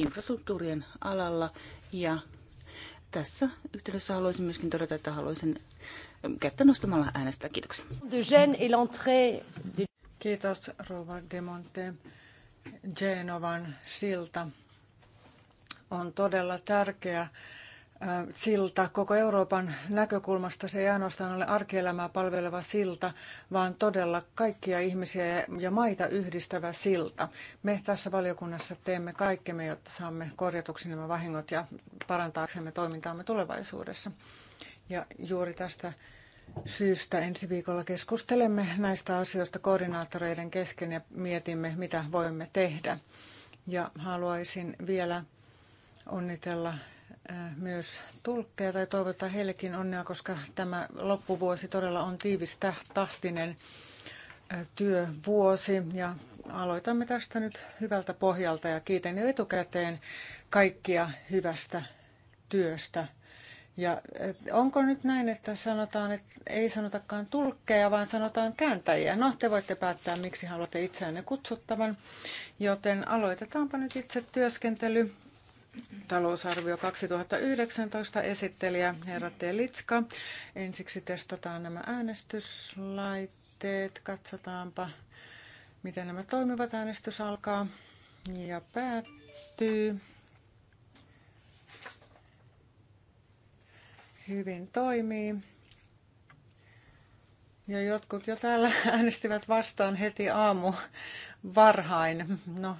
infrastruktuurien alalla. Ja tässä yhteydessä haluaisin myöskin todeta, että haluaisin kättä nostamalla äänestää. Kiitoksia. Kiitos Rova Demonte. Genovan silta on todella tärkeä silta koko Euroopan näkökulmasta. Se ei ainoastaan ole arkielämää palveleva silta, vaan todella kaikkia ihmisiä ja maita yhdistävä silta. Me tässä valiokunnassa teemme kaikkemme, jotta saamme korjatuksi nämä vahingot ja parantaaksemme toimintaamme tulevaisuudessa. Ja juuri tästä syystä ensi viikolla keskustelemme näistä asioista koordinaattoreiden kesken ja mietimme, mitä voimme tehdä. Ja haluaisin vielä onnitella Äh, myös tulkkeja tai toivottaa heillekin onnea, koska tämä loppuvuosi todella on tiivistä tahtinen äh, työvuosi ja aloitamme tästä nyt hyvältä pohjalta ja kiitän jo etukäteen kaikkia hyvästä työstä. Ja äh, onko nyt näin, että sanotaan, että ei sanotakaan tulkkeja, vaan sanotaan kääntäjiä? No, te voitte päättää, miksi haluatte itseänne kutsuttavan, joten aloitetaanpa nyt itse työskentely talousarvio 2019 esittelijä Herra Telitska. Ensiksi testataan nämä äänestyslaitteet. Katsotaanpa, miten nämä toimivat. Äänestys alkaa ja päättyy. Hyvin toimii. Ja jotkut jo täällä äänestivät vastaan heti aamu varhain. No,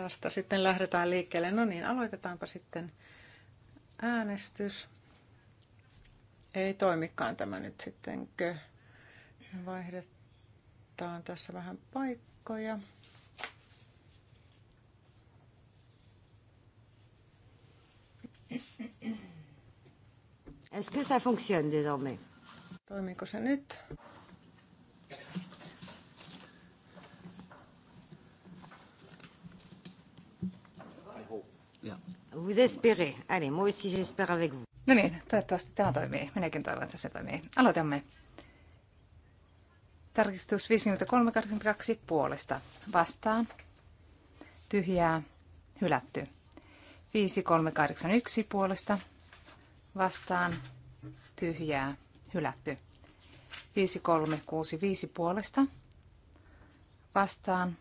Tästä sitten lähdetään liikkeelle. No niin, aloitetaanpa sitten äänestys. Ei toimikaan tämä nyt sittenkö. Vaihdetaan tässä vähän paikkoja. Est-ce que ça fonctionne désormais? Toimiko se nyt? Vous espérez. Allez, moi aussi j'espère avec vous. No niin, toivottavasti tämä toimii. Minäkin toivon, että se toimii. Aloitamme. Tarkistus 53.82 puolesta. Vastaan. Tyhjää. Hylätty. 5381 puolesta. Vastaan. Tyhjää. Hylätty. 5365 puolesta. Vastaan.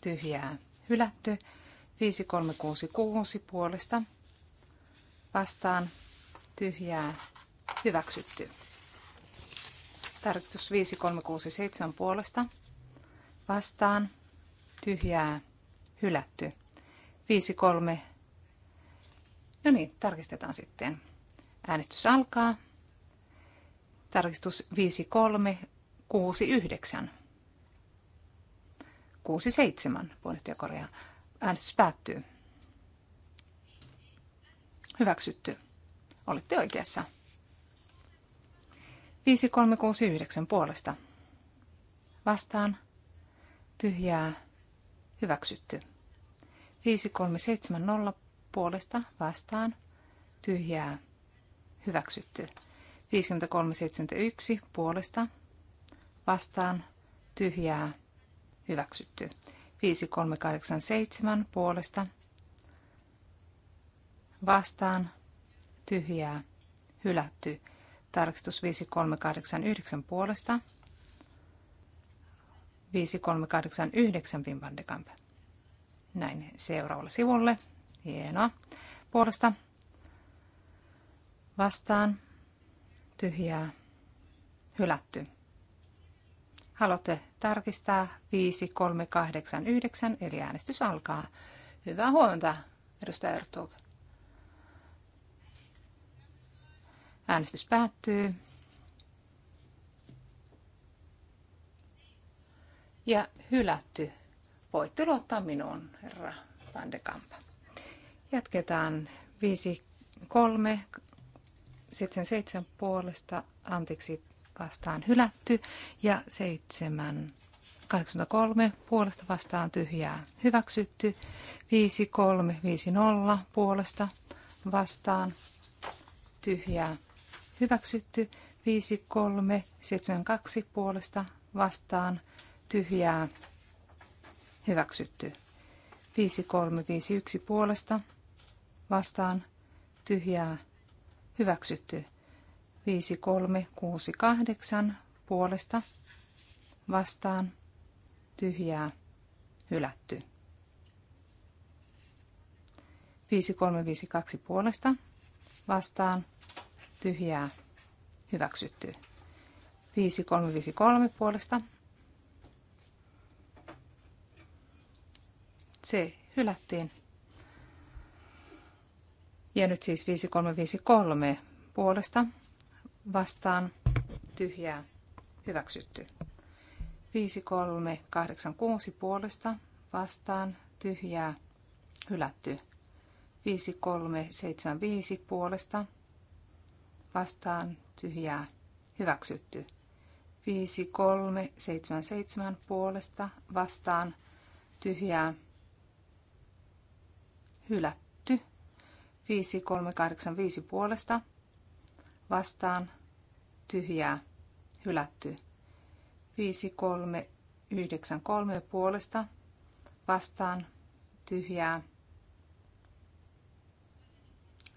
Tyhjää. Hylätty. 5366 puolesta vastaan tyhjää hyväksytty. Tarkistus 5367 puolesta vastaan tyhjää hylätty. 53 No niin, tarkistetaan sitten. Äänestys alkaa. Tarkistus 5369. 67 puheenjohtaja korjaa. Äänestys päättyy. Hyväksytty. Olette oikeassa. 5369 puolesta. Vastaan. Tyhjää. Hyväksytty. 5370 puolesta. Vastaan. Tyhjää. Hyväksytty. 5371 puolesta. Vastaan. Tyhjää. Hyväksytty. 5387 puolesta vastaan tyhjää hylätty. Tarkistus 5389 puolesta 5389 Vimbandekamp. Näin seuraavalle sivulle. Hienoa. Puolesta vastaan tyhjää hylätty. Haluatte tarkistaa 5389, eli äänestys alkaa. Hyvää huomenta, edustaja Ertug. Äänestys päättyy. Ja hylätty. Voitte luottaa minuun, herra Vandekamp. Jatketaan 5, 3, 7, 7 puolesta, anteeksi, vastaan hylätty ja 7 83 puolesta vastaan tyhjää hyväksytty. 5350 puolesta vastaan tyhjää hyväksytty. 5372 puolesta vastaan tyhjää hyväksytty. 5351 puolesta vastaan tyhjää hyväksytty. 5368 puolesta vastaan tyhjää hylätty. 5352 puolesta vastaan tyhjää hyväksytty. 5353 puolesta se hylättiin. Ja nyt siis 5353 puolesta vastaan tyhjää hyväksytty. 5386 puolesta vastaan tyhjää hylätty. 5375 puolesta vastaan tyhjää hyväksytty. 5377 puolesta vastaan tyhjää hylätty. 5385 puolesta vastaan tyhjää, hylätty. 5393 puolesta vastaan tyhjää.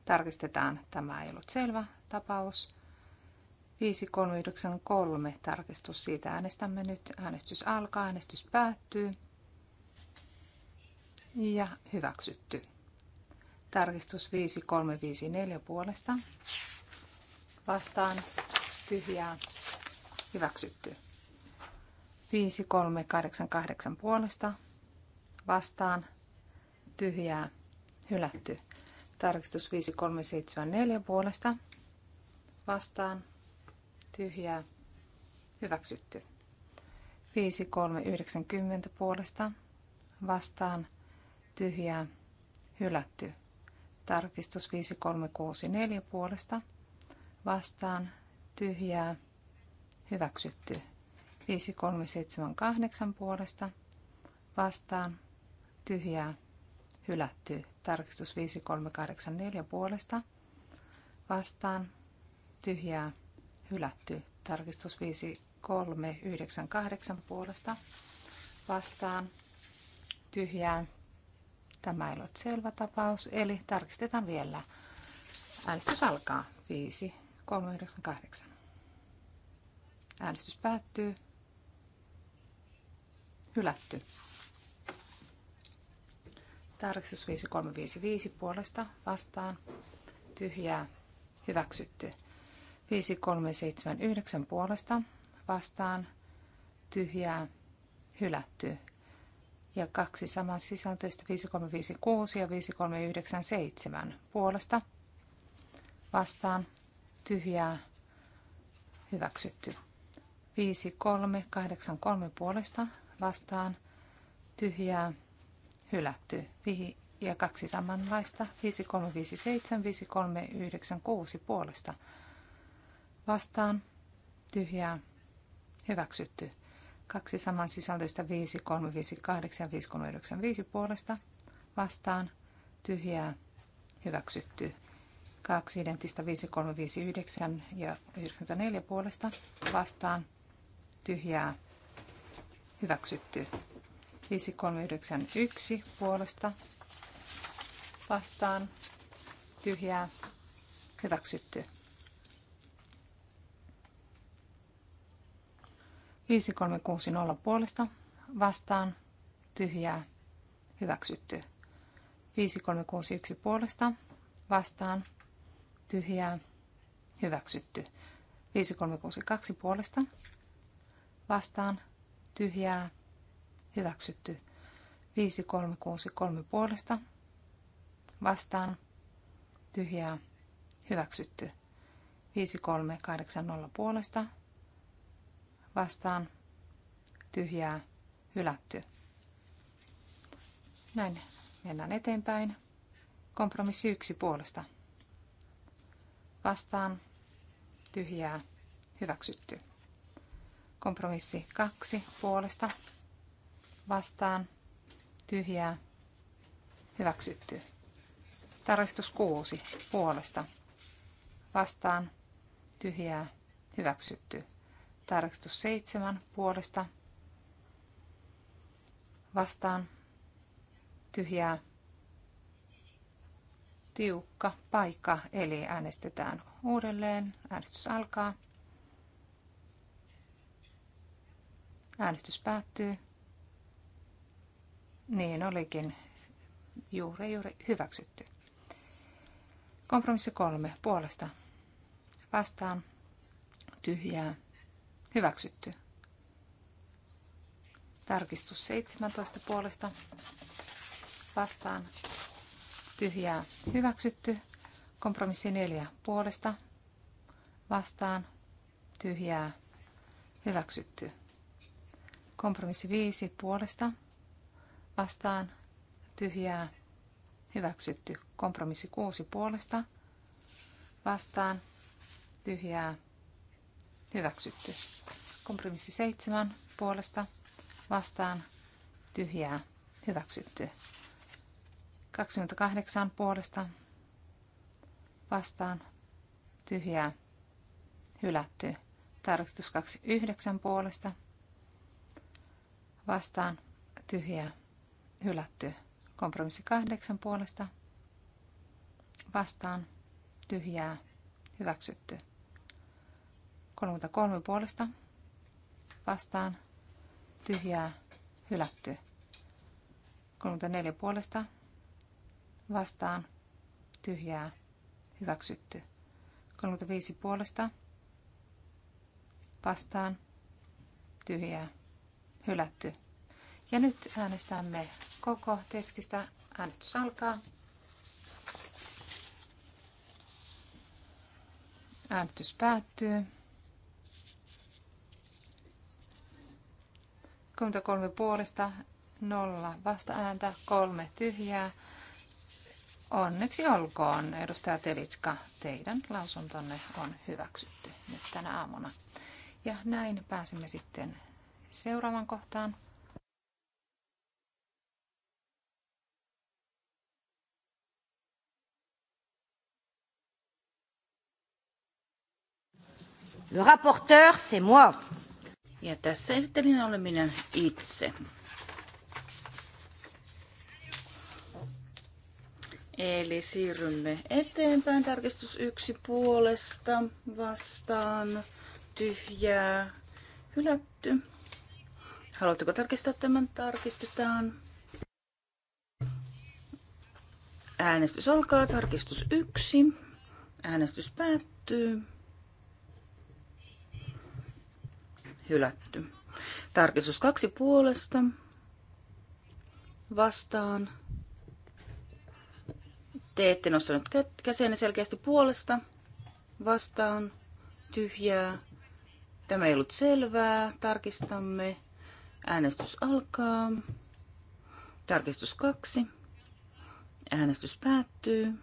Tarkistetaan, tämä ei ollut selvä tapaus. 5393 tarkistus, siitä äänestämme nyt. Äänestys alkaa, äänestys päättyy. Ja hyväksytty. Tarkistus 5354 puolesta. Vastaan tyhjää hyväksytty. 5388 puolesta vastaan tyhjää hylätty. Tarkistus 5374 puolesta vastaan tyhjää hyväksytty. 5390 puolesta vastaan tyhjää hylätty. Tarkistus 5364 puolesta vastaan tyhjää, hyväksytty. 5378 puolesta vastaan, tyhjää, hylätty. Tarkistus 5384 puolesta vastaan, tyhjää, hylätty. Tarkistus 5398 puolesta vastaan, tyhjää. Tämä ei ole selvä tapaus, eli tarkistetaan vielä. Äänestys alkaa. 5, 398. Äänestys päättyy. Hylätty. Tarkistus 5355 puolesta vastaan. Tyhjää. Hyväksytty. 5379 puolesta vastaan. Tyhjää. Hylätty. Ja kaksi saman sisältöistä 5356 ja 5397 puolesta vastaan tyhjää hyväksytty. 5, 3, 8, 3 puolesta vastaan tyhjää hylätty. 5 ja 2 samanlaista. 5, 3, 5, 7, 5, 3, 9, 6 puolesta vastaan tyhjää hyväksytty. Kaksi saman sisältöistä 5, 3, 5, 8 5, 3, 9, 5 puolesta vastaan tyhjää hyväksytty. Kaksi identtistä 5359 ja 94 puolesta vastaan tyhjää hyväksytty. 5391 puolesta vastaan tyhjää hyväksytty. 5360 puolesta vastaan tyhjää hyväksytty. 5361 puolesta vastaan tyhjää, hyväksytty. 5362 puolesta, vastaan, tyhjää, hyväksytty. 5363 puolesta, vastaan, tyhjää, hyväksytty. 5380 puolesta, vastaan, tyhjää, hylätty. Näin mennään eteenpäin. Kompromissi yksi puolesta vastaan tyhjää hyväksytty. Kompromissi kaksi puolesta vastaan tyhjää hyväksytty. Tarkistus kuusi puolesta vastaan tyhjää hyväksytty. Tarkistus seitsemän puolesta vastaan tyhjää tiukka paikka, eli äänestetään uudelleen. Äänestys alkaa. Äänestys päättyy. Niin olikin juuri juuri hyväksytty. Kompromissi kolme puolesta. Vastaan. Tyhjää. Hyväksytty. Tarkistus 17 puolesta. Vastaan tyhjää hyväksytty. Kompromissi neljä puolesta vastaan tyhjää hyväksytty. Kompromissi viisi puolesta vastaan tyhjää hyväksytty. Kompromissi kuusi puolesta vastaan tyhjää hyväksytty. Kompromissi seitsemän puolesta vastaan tyhjää hyväksytty. 28 puolesta vastaan tyhjää hylätty. Tarkistus 29 puolesta vastaan tyhjää hylätty. Kompromissi 8 puolesta vastaan tyhjää hyväksytty. 33 puolesta vastaan tyhjää hylätty. 34 puolesta vastaan vastaan tyhjää hyväksytty. 35 puolesta vastaan tyhjää hylätty. Ja nyt äänestämme koko tekstistä. Äänestys alkaa. Äänestys päättyy. 33 puolesta, 0 vasta-ääntä, 3 tyhjää. Onneksi olkoon, edustaja Telitska. Teidän lausuntonne on hyväksytty nyt tänä aamuna. Ja näin pääsemme sitten seuraavan kohtaan. Le rapporteur, c'est moi. Ja tässä esittelin olen minä itse. Eli siirrymme eteenpäin. Tarkistus yksi puolesta vastaan tyhjää hylätty. Haluatteko tarkistaa tämän? Tarkistetaan. Äänestys alkaa. Tarkistus yksi. Äänestys päättyy. Hylätty. Tarkistus kaksi puolesta. Vastaan te ette nostanut käsiänne selkeästi puolesta vastaan tyhjää. Tämä ei ollut selvää. Tarkistamme. Äänestys alkaa. Tarkistus kaksi. Äänestys päättyy.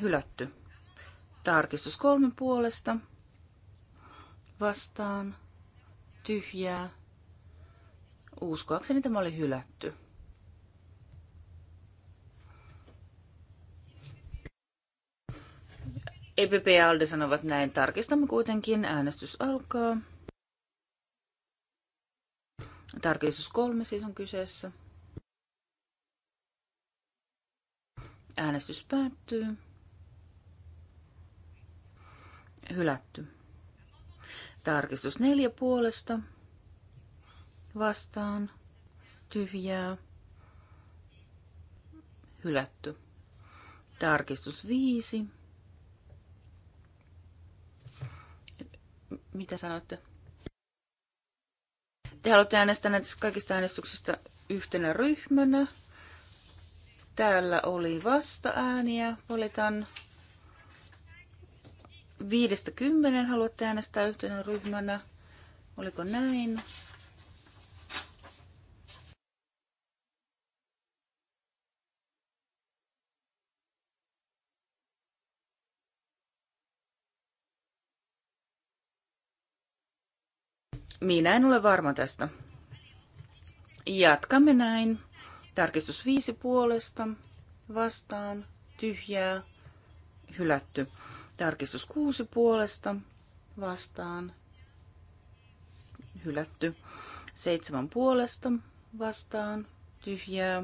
Hylätty. Tarkistus kolmen puolesta. Vastaan. Tyhjää. Uskoakseni tämä oli hylätty. EPP ja ALDE sanovat näin. Tarkistamme kuitenkin. Äänestys alkaa. Tarkistus kolme siis on kyseessä. Äänestys päättyy. Hylätty. Tarkistus neljä puolesta. Vastaan. Tyhjää. Hylätty. Tarkistus viisi Mitä sanoitte? Te haluatte äänestää näistä kaikista äänestyksistä yhtenä ryhmänä. Täällä oli vasta-ääniä. Valitaan viidestä kymmenen haluatte äänestää yhtenä ryhmänä. Oliko näin? Minä en ole varma tästä. Jatkamme näin. Tarkistus viisi puolesta. Vastaan. Tyhjää. Hylätty. Tarkistus kuusi puolesta. Vastaan. Hylätty. Seitsemän puolesta. Vastaan. Tyhjää.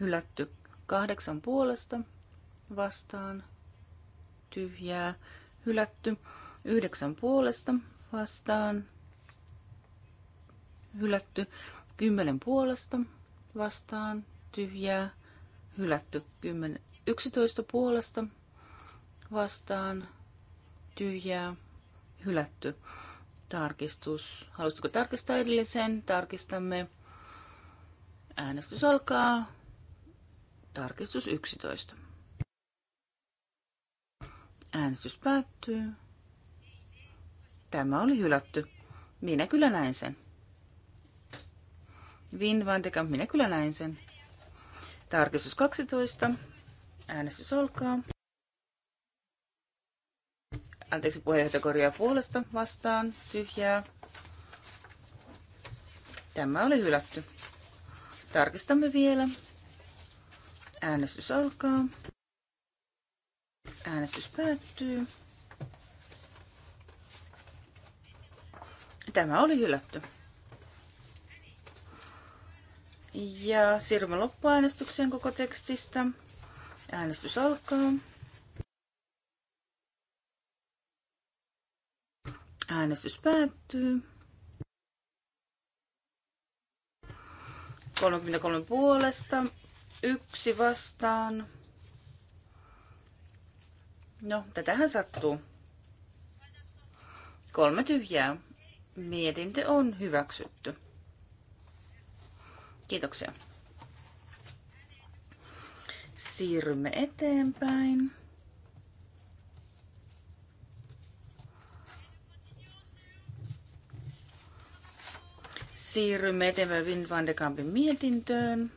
Hylätty. Kahdeksan puolesta. Vastaan. Tyhjää. Hylätty. Yhdeksän puolesta. Vastaan hylätty. kymmenen puolesta vastaan tyhjää hylätty. kymmenen yksitoista puolesta vastaan tyhjää hylätty. Tarkistus. Haluaisitko tarkistaa edellisen? Tarkistamme. Äänestys alkaa. Tarkistus 11. Äänestys päättyy. Tämä oli hylätty. Minä kyllä näin sen. Vin van de Kamp, minä kyllä näin sen. Tarkistus 12. Äänestys alkaa. Anteeksi, puheenjohtaja korjaa puolesta vastaan. Tyhjää. Tämä oli hylätty. Tarkistamme vielä. Äänestys alkaa. Äänestys päättyy. Tämä oli hylätty. Ja siirrymme loppuäänestykseen koko tekstistä. Äänestys alkaa. Äänestys päättyy. 33 puolesta, yksi vastaan. No, tätähän sattuu. Kolme tyhjää. Mietintö on hyväksytty. Kiitoksia. Siirrymme eteenpäin. Siirrymme eteenpäin Wim van de Kampin mietintöön.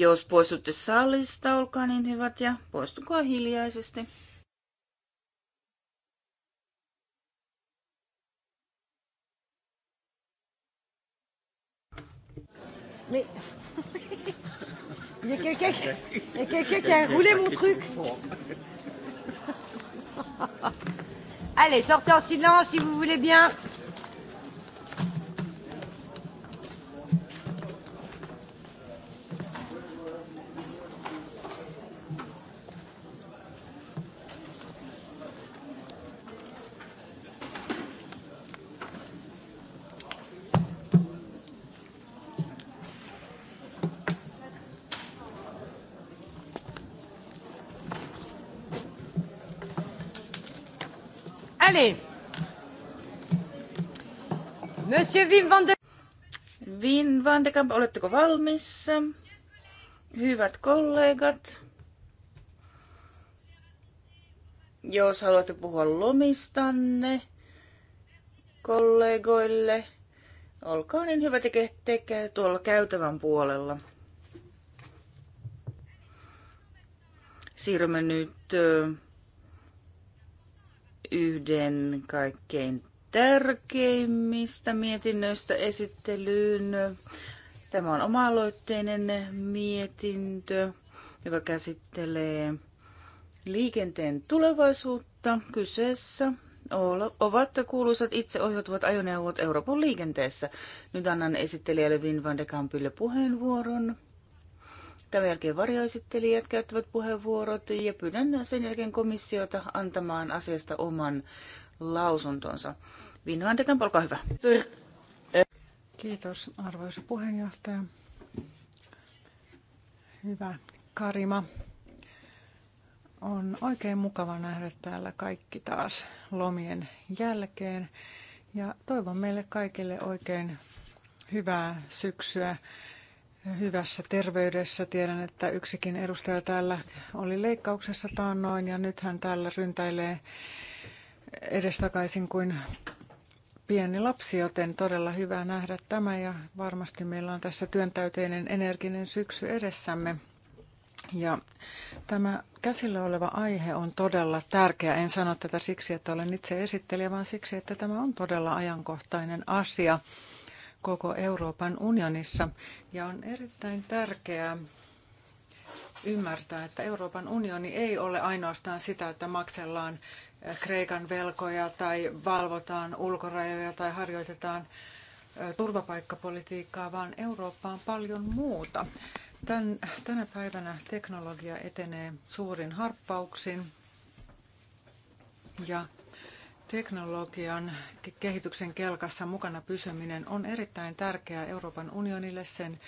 Jos poistutte salista, olkaa niin hyvät ja poistukaa hiljaisesti. Mais... Il y a quelqu'un qui... Il a quelqu'un qui a roulé mon truc. Allez, sortez en silence si vous voulez bien. Allez. Monsieur Wim van de... Wim van de Kamp, oletteko valmis? Hyvät kollegat. Jos haluatte puhua lomistanne kollegoille, olkaa niin hyvä, teke, tekee tuolla käytävän puolella. Siirrymme nyt yhden kaikkein tärkeimmistä mietinnöistä esittelyyn. Tämä on oma-aloitteinen mietintö, joka käsittelee liikenteen tulevaisuutta. Kyseessä ovat kuuluisat itseohjautuvat ajoneuvot Euroopan liikenteessä. Nyt annan esittelijälle Vin van de Kampille puheenvuoron. Tämän jälkeen varjoesittelijät käyttävät puheenvuorot ja pyydän sen jälkeen komissiota antamaan asiasta oman lausuntonsa. Vinno Antekan, olkaa hyvä. Kiitos arvoisa puheenjohtaja. Hyvä Karima. On oikein mukava nähdä täällä kaikki taas lomien jälkeen ja toivon meille kaikille oikein hyvää syksyä hyvässä terveydessä. Tiedän, että yksikin edustaja täällä oli leikkauksessa taannoin ja nyt hän täällä ryntäilee edestakaisin kuin pieni lapsi, joten todella hyvä nähdä tämä ja varmasti meillä on tässä työntäyteinen energinen syksy edessämme. Ja tämä käsillä oleva aihe on todella tärkeä. En sano tätä siksi, että olen itse esittelijä, vaan siksi, että tämä on todella ajankohtainen asia koko Euroopan unionissa. Ja on erittäin tärkeää ymmärtää, että Euroopan unioni ei ole ainoastaan sitä, että maksellaan eh, Kreikan velkoja tai valvotaan ulkorajoja tai harjoitetaan eh, turvapaikkapolitiikkaa, vaan Eurooppa on paljon muuta. Tän, tänä päivänä teknologia etenee suurin harppauksin ja Teknologian kehityksen kelkassa mukana pysyminen on erittäin tärkeää Euroopan unionille, sen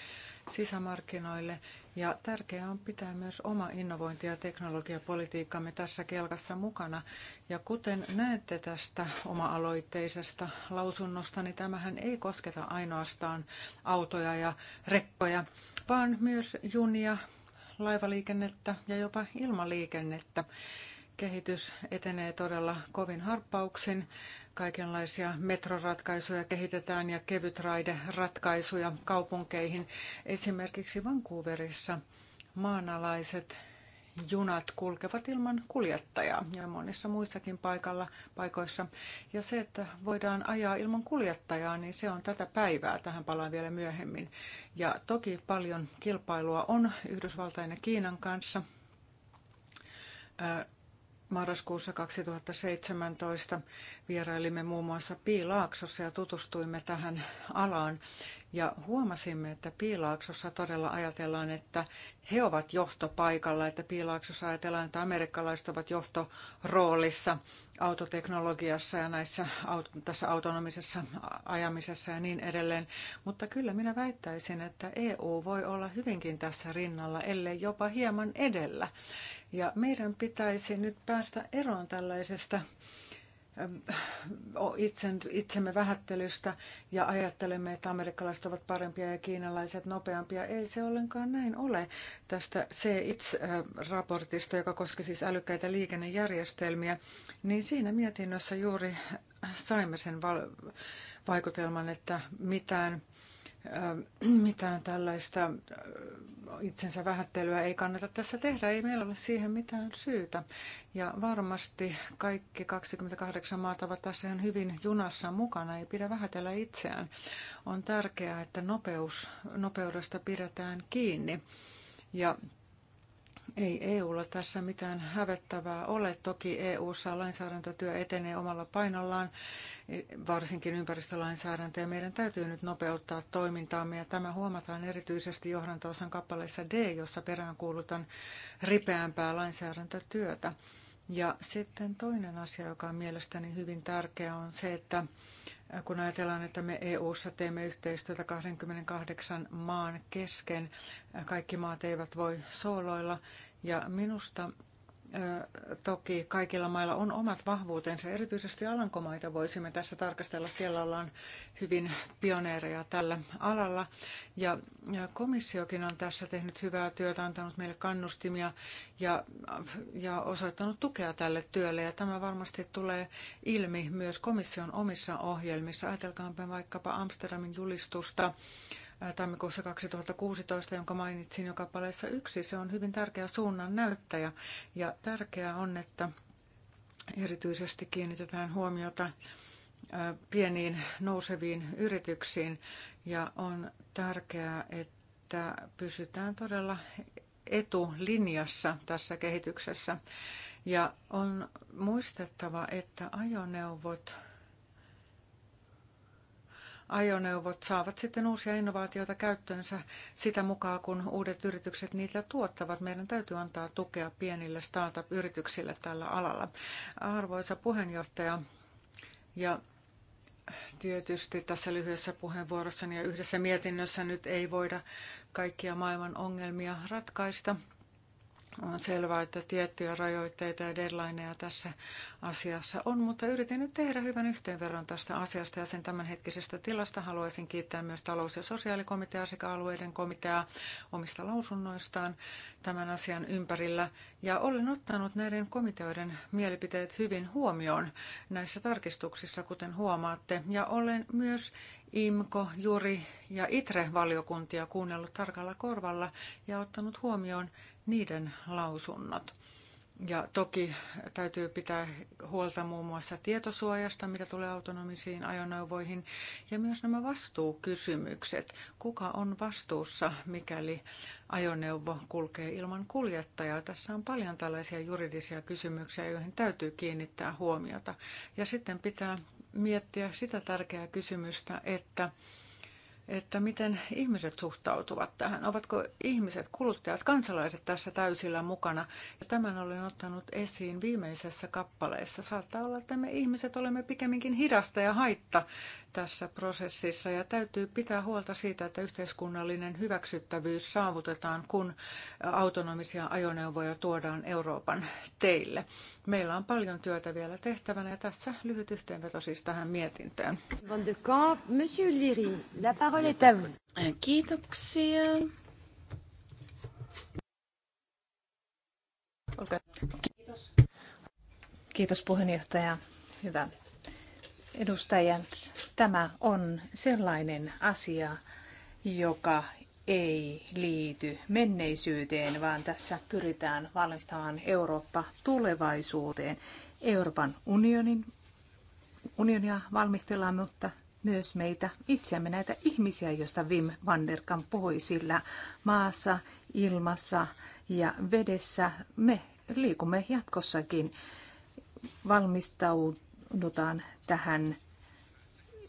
sisämarkkinoille ja tärkeää on pitää myös oma innovointi- ja teknologiapolitiikkamme tässä kelkassa mukana. Ja kuten näette tästä oma-aloitteisesta lausunnosta, niin tämähän ei kosketa ainoastaan autoja ja rekkoja, vaan myös junia, laivaliikennettä ja jopa ilmaliikennettä. Kehitys etenee todella kovin harppauksin. Kaikenlaisia metroratkaisuja kehitetään ja kevytraideratkaisuja kaupunkeihin. Esimerkiksi Vancouverissa maanalaiset junat kulkevat ilman kuljettajaa ja monissa muissakin paikalla, paikoissa. Ja se, että voidaan ajaa ilman kuljettajaa, niin se on tätä päivää. Tähän palaan vielä myöhemmin. Ja toki paljon kilpailua on Yhdysvaltain ja Kiinan kanssa. Marraskuussa 2017 vierailimme muun muassa Piilaaksossa ja tutustuimme tähän alaan ja huomasimme, että Piilaaksossa todella ajatellaan, että he ovat johtopaikalla, että Piilaaksossa ajatellaan, että amerikkalaiset ovat johtoroolissa autoteknologiassa ja näissä, tässä autonomisessa ajamisessa ja niin edelleen. Mutta kyllä minä väittäisin, että EU voi olla hyvinkin tässä rinnalla, ellei jopa hieman edellä. Ja meidän pitäisi nyt päästä eroon tällaisesta itsemme vähättelystä ja ajattelemme, että amerikkalaiset ovat parempia ja kiinalaiset nopeampia. Ei se ollenkaan näin ole. Tästä C-ITS-raportista, joka koski siis älykkäitä liikennejärjestelmiä, niin siinä mietinnössä juuri saimme sen vaikutelman, että mitään mitään tällaista itsensä vähättelyä ei kannata tässä tehdä, ei meillä ole siihen mitään syytä. Ja varmasti kaikki 28 maata ovat tässä ihan hyvin junassa mukana, ei pidä vähätellä itseään. On tärkeää, että nopeus, nopeudesta pidetään kiinni. Ja ei EUlla tässä mitään hävettävää ole. Toki EUssa lainsäädäntötyö etenee omalla painollaan, varsinkin ympäristölainsäädäntö, ja meidän täytyy nyt nopeuttaa toimintaamme, ja tämä huomataan erityisesti johdantoosan kappaleessa D, jossa peräänkuulutan ripeämpää lainsäädäntötyötä. Ja sitten toinen asia, joka on mielestäni hyvin tärkeä, on se, että kun ajatellaan, että me EU:ssa teemme yhteistyötä 28 maan kesken, kaikki maat eivät voi sooloilla. Ja minusta Toki kaikilla mailla on omat vahvuutensa, erityisesti Alankomaita voisimme tässä tarkastella. Siellä ollaan hyvin pioneereja tällä alalla. Ja komissiokin on tässä tehnyt hyvää työtä, antanut meille kannustimia ja, ja osoittanut tukea tälle työlle. Ja tämä varmasti tulee ilmi myös komission omissa ohjelmissa. Ajatelkaanpa vaikkapa Amsterdamin julistusta tammikuussa 2016, jonka mainitsin joka kappaleessa yksi. Se on hyvin tärkeä suunnan näyttäjä ja tärkeää on, että erityisesti kiinnitetään huomiota pieniin nouseviin yrityksiin ja on tärkeää, että pysytään todella etulinjassa tässä kehityksessä. Ja on muistettava, että ajoneuvot ajoneuvot saavat sitten uusia innovaatioita käyttöönsä sitä mukaan, kun uudet yritykset niitä tuottavat. Meidän täytyy antaa tukea pienille startup-yrityksille tällä alalla. Arvoisa puheenjohtaja, ja tietysti tässä lyhyessä puheenvuorossani ja yhdessä mietinnössä nyt ei voida kaikkia maailman ongelmia ratkaista. On selvää, että tiettyjä rajoitteita ja deadlineja tässä asiassa on, mutta yritin nyt tehdä hyvän yhteenverran tästä asiasta ja sen tämänhetkisestä tilasta. Haluaisin kiittää myös talous- ja sosiaalikomitea sekä alueiden komitea omista lausunnoistaan tämän asian ympärillä. Ja olen ottanut näiden komiteoiden mielipiteet hyvin huomioon näissä tarkistuksissa, kuten huomaatte. Ja olen myös IMKO, Juri ja ITRE-valiokuntia kuunnellut tarkalla korvalla ja ottanut huomioon niiden lausunnot. Ja toki täytyy pitää huolta muun muassa tietosuojasta, mitä tulee autonomisiin ajoneuvoihin, ja myös nämä vastuukysymykset. Kuka on vastuussa, mikäli ajoneuvo kulkee ilman kuljettajaa? Tässä on paljon tällaisia juridisia kysymyksiä, joihin täytyy kiinnittää huomiota. Ja sitten pitää miettiä sitä tärkeää kysymystä, että että miten ihmiset suhtautuvat tähän. Ovatko ihmiset, kuluttajat, kansalaiset tässä täysillä mukana? Ja tämän olen ottanut esiin viimeisessä kappaleessa. Saattaa olla, että me ihmiset olemme pikemminkin hidasta ja haitta tässä prosessissa ja täytyy pitää huolta siitä, että yhteiskunnallinen hyväksyttävyys saavutetaan, kun autonomisia ajoneuvoja tuodaan Euroopan teille. Meillä on paljon työtä vielä tehtävänä ja tässä lyhyt yhteenveto siis tähän mietintöön. Van de Monsieur Liri, la parole est à vous. Kiitoksia. Kiitos. Kiitos puheenjohtaja. Hyvä edustajat. Tämä on sellainen asia, joka ei liity menneisyyteen, vaan tässä pyritään valmistamaan Eurooppa tulevaisuuteen. Euroopan unionin, unionia valmistellaan, mutta myös meitä itseämme, näitä ihmisiä, joista Wim van der Kamp puhui, sillä maassa, ilmassa ja vedessä me liikumme jatkossakin. Valmistaudutaan tähän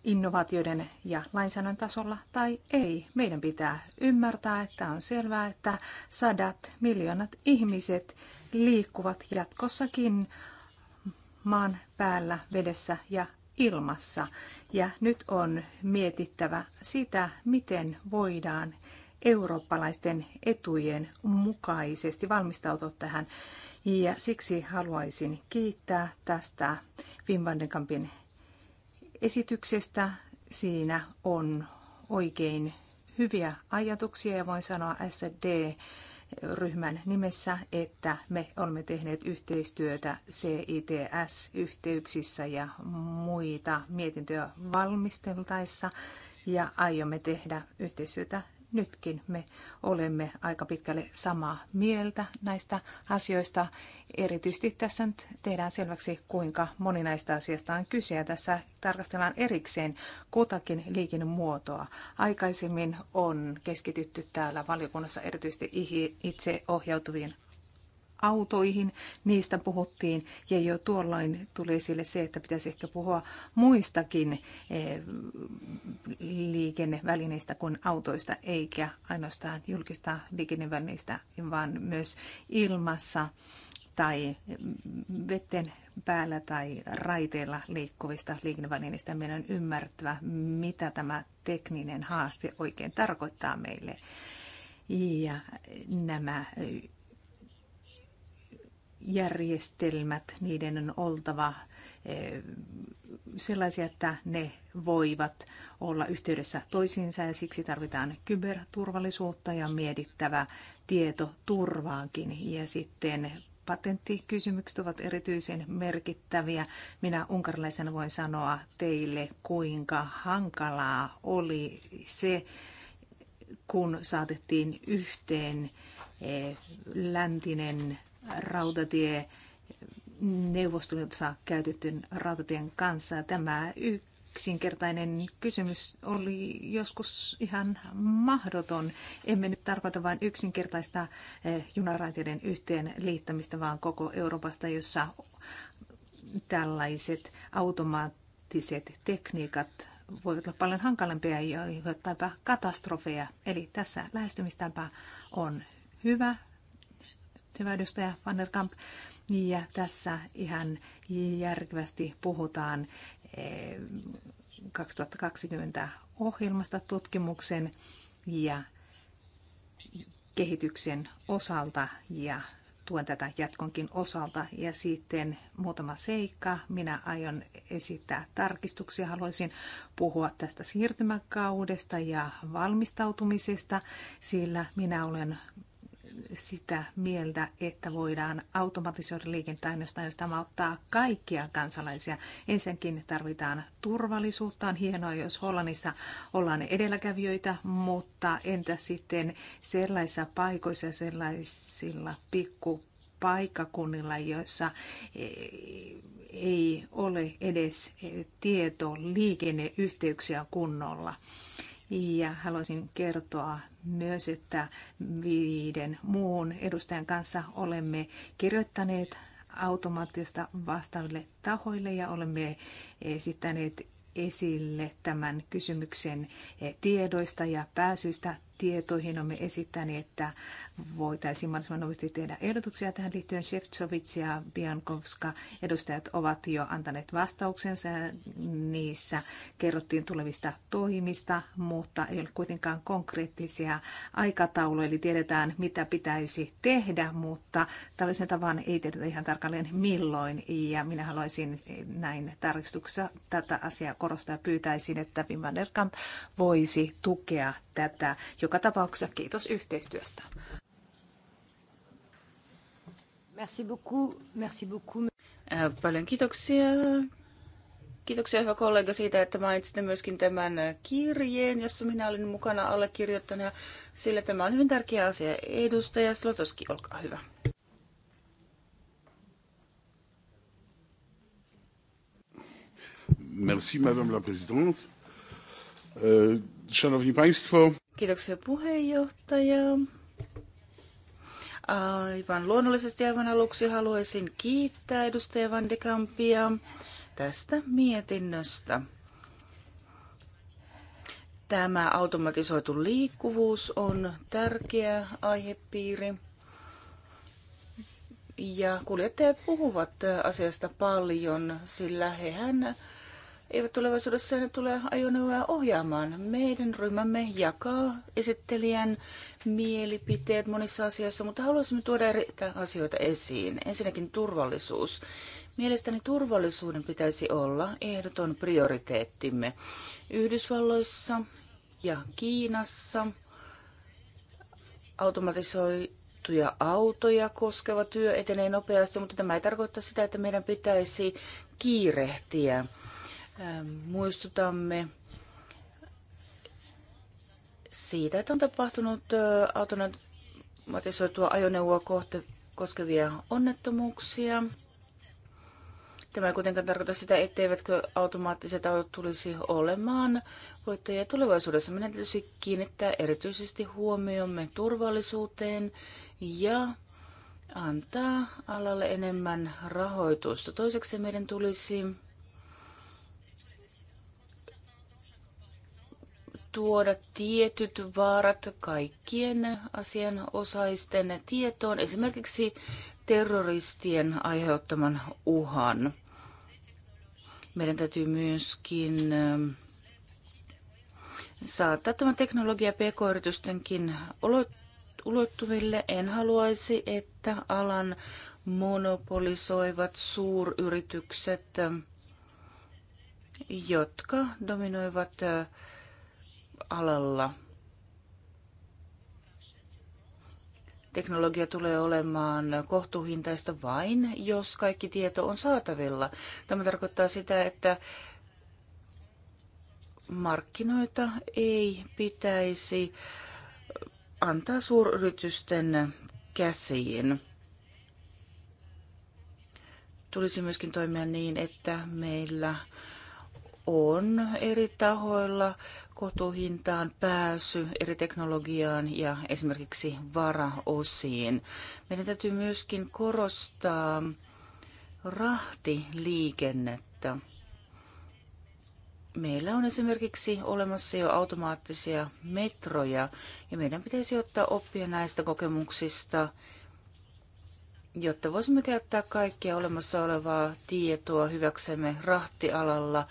innovaatioiden ja lainsäädännön tasolla tai ei. Meidän pitää ymmärtää, että on selvää, että sadat miljoonat ihmiset liikkuvat jatkossakin maan päällä, vedessä ja ilmassa. Ja nyt on mietittävä sitä, miten voidaan eurooppalaisten etujen mukaisesti valmistautua tähän. Ja siksi haluaisin kiittää tästä Wim esityksestä. Siinä on oikein hyviä ajatuksia ja voin sanoa SD ryhmän nimessä, että me olemme tehneet yhteistyötä CITS-yhteyksissä ja muita mietintöjä valmisteltaessa ja aiomme tehdä yhteistyötä nytkin me olemme aika pitkälle samaa mieltä näistä asioista. Erityisesti tässä nyt tehdään selväksi, kuinka moninaista asiasta on kyse. Ja tässä tarkastellaan erikseen kutakin liikennemuotoa. Aikaisemmin on keskitytty täällä valiokunnassa erityisesti itse autoihin, niistä puhuttiin ja jo tuolloin tuli esille se, että pitäisi ehkä puhua muistakin eh, liikennevälineistä kuin autoista, eikä ainoastaan julkista liikennevälineistä, vaan myös ilmassa tai vetten päällä tai raiteilla liikkuvista liikennevälineistä. Meidän on ymmärtävä, mitä tämä tekninen haaste oikein tarkoittaa meille. Ja nämä järjestelmät, niiden on oltava eh, sellaisia, että ne voivat olla yhteydessä toisiinsa ja siksi tarvitaan kyberturvallisuutta ja mietittävä turvaankin. ja sitten patenttikysymykset ovat erityisen merkittäviä. Minä unkarilaisena voin sanoa teille, kuinka hankalaa oli se, kun saatettiin yhteen eh, läntinen rautatie neuvostoliitossa käytetyn rautatien kanssa. Tämä yksinkertainen kysymys oli joskus ihan mahdoton. Emme nyt tarkoita vain yksinkertaista eh, junaraiteiden yhteen liittämistä, vaan koko Euroopasta, jossa tällaiset automaattiset tekniikat voivat olla paljon hankalampia ja katastrofeja. Eli tässä lähestymistapa on hyvä, hyvä edustaja Vannerkamp. Ja tässä ihan järkevästi puhutaan 2020 eh, ohjelmasta tutkimuksen ja kehityksen osalta ja tuen tätä jatkonkin osalta. Ja sitten muutama seikka. Minä aion esittää tarkistuksia. Haluaisin puhua tästä siirtymäkaudesta ja valmistautumisesta, sillä minä olen sitä mieltä, että voidaan automatisoida liikentä ainoastaan, jos tämä ottaa kaikkia kansalaisia. Ensinnäkin tarvitaan turvallisuutta. On hienoa, jos Hollannissa ollaan edelläkävijöitä, mutta entä sitten sellaisissa paikoissa ja sellaisilla pikkupaikakunnilla, joissa e, ei ole edes tietoliikenneyhteyksiä kunnolla. Ja haluaisin kertoa myös, että viiden muun edustajan kanssa olemme kirjoittaneet automaattista vastaaville tahoille ja olemme esittäneet esille tämän kysymyksen tiedoista ja pääsyistä tietoihin olemme esittäneet, että voitaisiin mahdollisimman nopeasti tehdä ehdotuksia tähän liittyen. Shevtsovits ja Biankovska edustajat ovat jo antaneet vastauksensa. Niissä kerrottiin tulevista toimista, mutta ei ole kuitenkaan konkreettisia aikatauluja, eli tiedetään mitä pitäisi tehdä, mutta tällaisen tavan ei tiedetä ihan tarkalleen milloin. Ja minä haluaisin näin tarkistuksessa tätä asiaa korostaa ja pyytäisin, että Wim voisi tukea tätä. Joka tapauksessa kiitos yhteistyöstä. Merci beaucoup. Merci beaucoup. Äh, paljon kiitoksia. Kiitoksia hyvä kollega siitä, että mainitsitte myöskin tämän kirjeen, jossa minä olin mukana allekirjoittanut, sillä tämä on hyvin tärkeä asia. Edustaja Slotoski, olkaa hyvä. Merci, Madame la Présidente. Euh, Szanowni Państwo. Kiitoksia puheenjohtaja. Aivan luonnollisesti aivan aluksi haluaisin kiittää edustaja Van de Kampia tästä mietinnöstä. Tämä automatisoitu liikkuvuus on tärkeä aihepiiri. Ja kuljettajat puhuvat asiasta paljon, sillä hehän eivät tulevaisuudessa ne tule ajoneuvoja ohjaamaan. Meidän ryhmämme jakaa esittelijän mielipiteet monissa asioissa, mutta haluaisimme tuoda eri asioita esiin. Ensinnäkin turvallisuus. Mielestäni turvallisuuden pitäisi olla ehdoton prioriteettimme. Yhdysvalloissa ja Kiinassa automatisoituja autoja koskeva työ etenee nopeasti, mutta tämä ei tarkoita sitä, että meidän pitäisi kiirehtiä Ähm, muistutamme siitä, että on tapahtunut äh, automatisoitua ajoneuvoa kohte koskevia onnettomuuksia. Tämä ei kuitenkaan tarkoita sitä, etteivätkö automaattiset autot tulisi olemaan voittajia tulevaisuudessa. Meidän täytyisi kiinnittää erityisesti huomiomme turvallisuuteen ja antaa alalle enemmän rahoitusta. Toiseksi meidän tulisi tuoda tietyt vaarat kaikkien asianosaisten tietoon, esimerkiksi terroristien aiheuttaman uhan. Meidän täytyy myöskin ähm, saattaa tämä teknologia pk-yritystenkin ulottuville. En haluaisi, että alan monopolisoivat suuryritykset, ähm, jotka dominoivat äh, alalla. Teknologia tulee olemaan kohtuuhintaista vain, jos kaikki tieto on saatavilla. Tämä tarkoittaa sitä, että markkinoita ei pitäisi antaa suuryritysten käsiin. Tulisi myöskin toimia niin, että meillä on eri tahoilla kotohintaan pääsy eri teknologiaan ja esimerkiksi varaosiin. Meidän täytyy myöskin korostaa rahtiliikennettä. Meillä on esimerkiksi olemassa jo automaattisia metroja ja meidän pitäisi ottaa oppia näistä kokemuksista, jotta voisimme käyttää kaikkia olemassa olevaa tietoa hyväksemme rahtialalla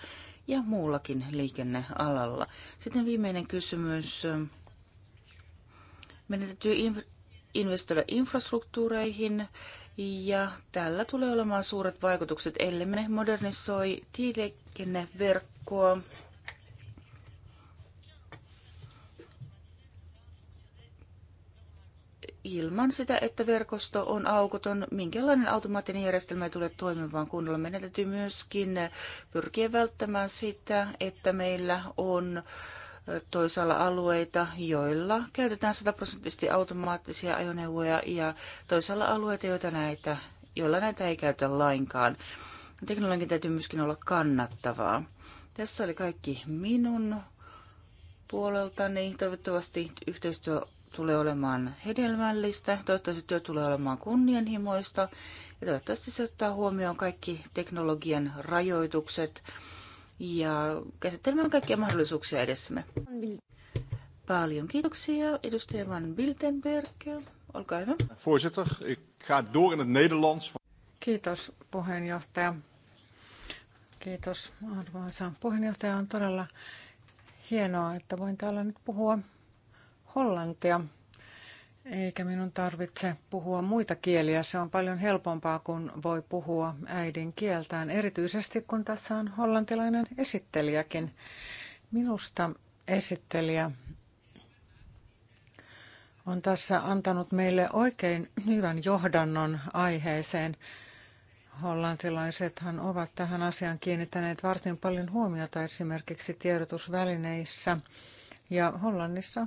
ja muullakin liikennealalla. Sitten viimeinen kysymys. Meidän täytyy investoida infrastruktuureihin ja tällä tulee olemaan suuret vaikutukset, ellei me modernisoi tieliikenneverkkoa. ilman sitä, että verkosto on aukoton, minkälainen automaattinen järjestelmä ei tule toimimaan kunnolla. Meidän täytyy myöskin pyrkiä välttämään sitä, että meillä on toisaalla alueita, joilla käytetään sataprosenttisesti automaattisia ajoneuvoja ja toisaalla alueita, joita näitä, joilla näitä ei käytä lainkaan. Teknologian täytyy myöskin olla kannattavaa. Tässä oli kaikki minun puolelta, niin toivottavasti yhteistyö tulee olemaan hedelmällistä, toivottavasti työ tulee olemaan kunnianhimoista ja toivottavasti se ottaa huomioon kaikki teknologian rajoitukset ja käsittelemään kaikkia mahdollisuuksia edessämme. Paljon kiitoksia edustaja Van Wiltenberg. Olkaa hyvä. Voorzitter, ik ga door in het Nederlands. Kiitos puheenjohtaja. Kiitos arvoisa puheenjohtaja. On todella Hienoa, että voin täällä nyt puhua hollantia, eikä minun tarvitse puhua muita kieliä. Se on paljon helpompaa, kun voi puhua äidinkieltään, erityisesti kun tässä on hollantilainen esittelijäkin. Minusta esittelijä on tässä antanut meille oikein hyvän johdannon aiheeseen. Hollantilaisethan ovat tähän asiaan kiinnittäneet varsin paljon huomiota esimerkiksi tiedotusvälineissä. Ja Hollannissa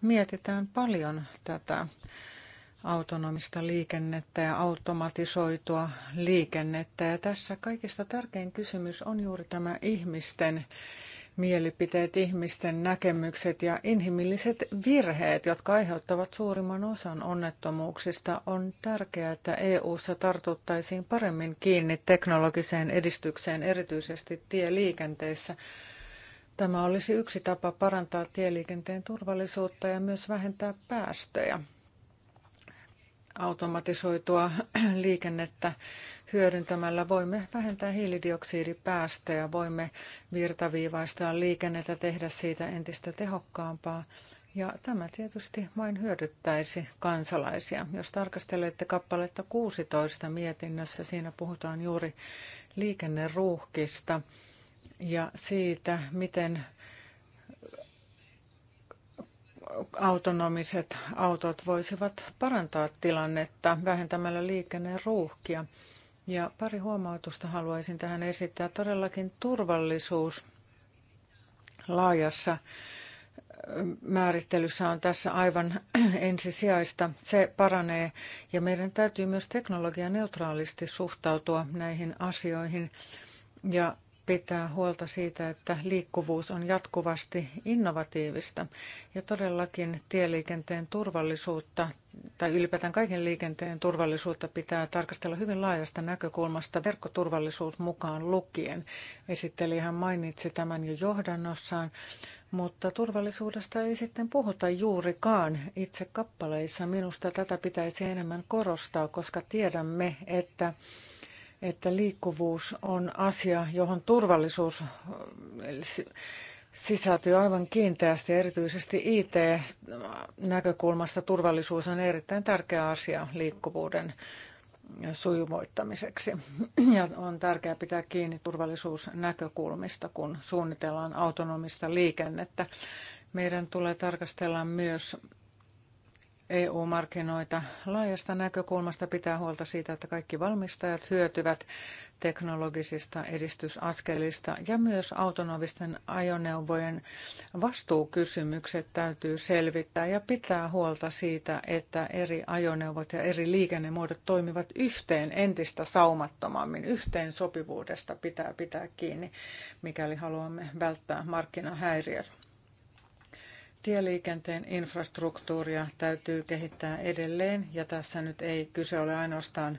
mietitään paljon tätä autonomista liikennettä ja automatisoitua liikennettä. Ja tässä kaikista tärkein kysymys on juuri tämä ihmisten mielipiteet, ihmisten näkemykset ja inhimilliset virheet, jotka aiheuttavat suurimman osan onnettomuuksista, on tärkeää, että EU:ssa tartuttaisiin paremmin kiinni teknologiseen edistykseen, erityisesti tieliikenteessä. Tämä olisi yksi tapa parantaa tieliikenteen turvallisuutta ja myös vähentää päästöjä automatisoitua liikennettä hyödyntämällä voimme vähentää hiilidioksidipäästöjä, voimme virtaviivaistaa liikennettä, tehdä siitä entistä tehokkaampaa. Ja tämä tietysti vain hyödyttäisi kansalaisia. Jos tarkastelette kappaletta 16 mietinnössä, siinä puhutaan juuri liikenneruuhkista ja siitä, miten autonomiset autot voisivat parantaa tilannetta vähentämällä liikenneruuhkia. Ja pari huomautusta haluaisin tähän esittää. Todellakin turvallisuus laajassa määrittelyssä on tässä aivan ensisijaista. Se paranee ja meidän täytyy myös teknologianeutraalisti suhtautua näihin asioihin. Ja pitää huolta siitä, että liikkuvuus on jatkuvasti innovatiivista ja todellakin tieliikenteen turvallisuutta tai ylipäätään kaiken liikenteen turvallisuutta pitää tarkastella hyvin laajasta näkökulmasta, verkkoturvallisuus mukaan lukien. Esittelijähän mainitsi tämän jo johdannossaan, mutta turvallisuudesta ei sitten puhuta juurikaan itse kappaleissa. Minusta tätä pitäisi enemmän korostaa, koska tiedämme, että että liikkuvuus on asia, johon turvallisuus sisältyy aivan kiinteästi. Erityisesti IT-näkökulmasta turvallisuus on erittäin tärkeä asia liikkuvuuden sujuvoittamiseksi. Ja on tärkeää pitää kiinni turvallisuusnäkökulmista, kun suunnitellaan autonomista liikennettä. Meidän tulee tarkastella myös EU-markkinoita laajasta näkökulmasta pitää huolta siitä, että kaikki valmistajat hyötyvät teknologisista edistysaskelista ja myös autonomisten ajoneuvojen vastuukysymykset täytyy selvittää ja pitää huolta siitä, että eri ajoneuvot ja eri liikennemuodot toimivat yhteen entistä saumattomammin. Yhteen sopivuudesta pitää pitää kiinni, mikäli haluamme välttää markkinahäiriöt. Tieliikenteen infrastruktuuria täytyy kehittää edelleen ja tässä nyt ei kyse ole ainoastaan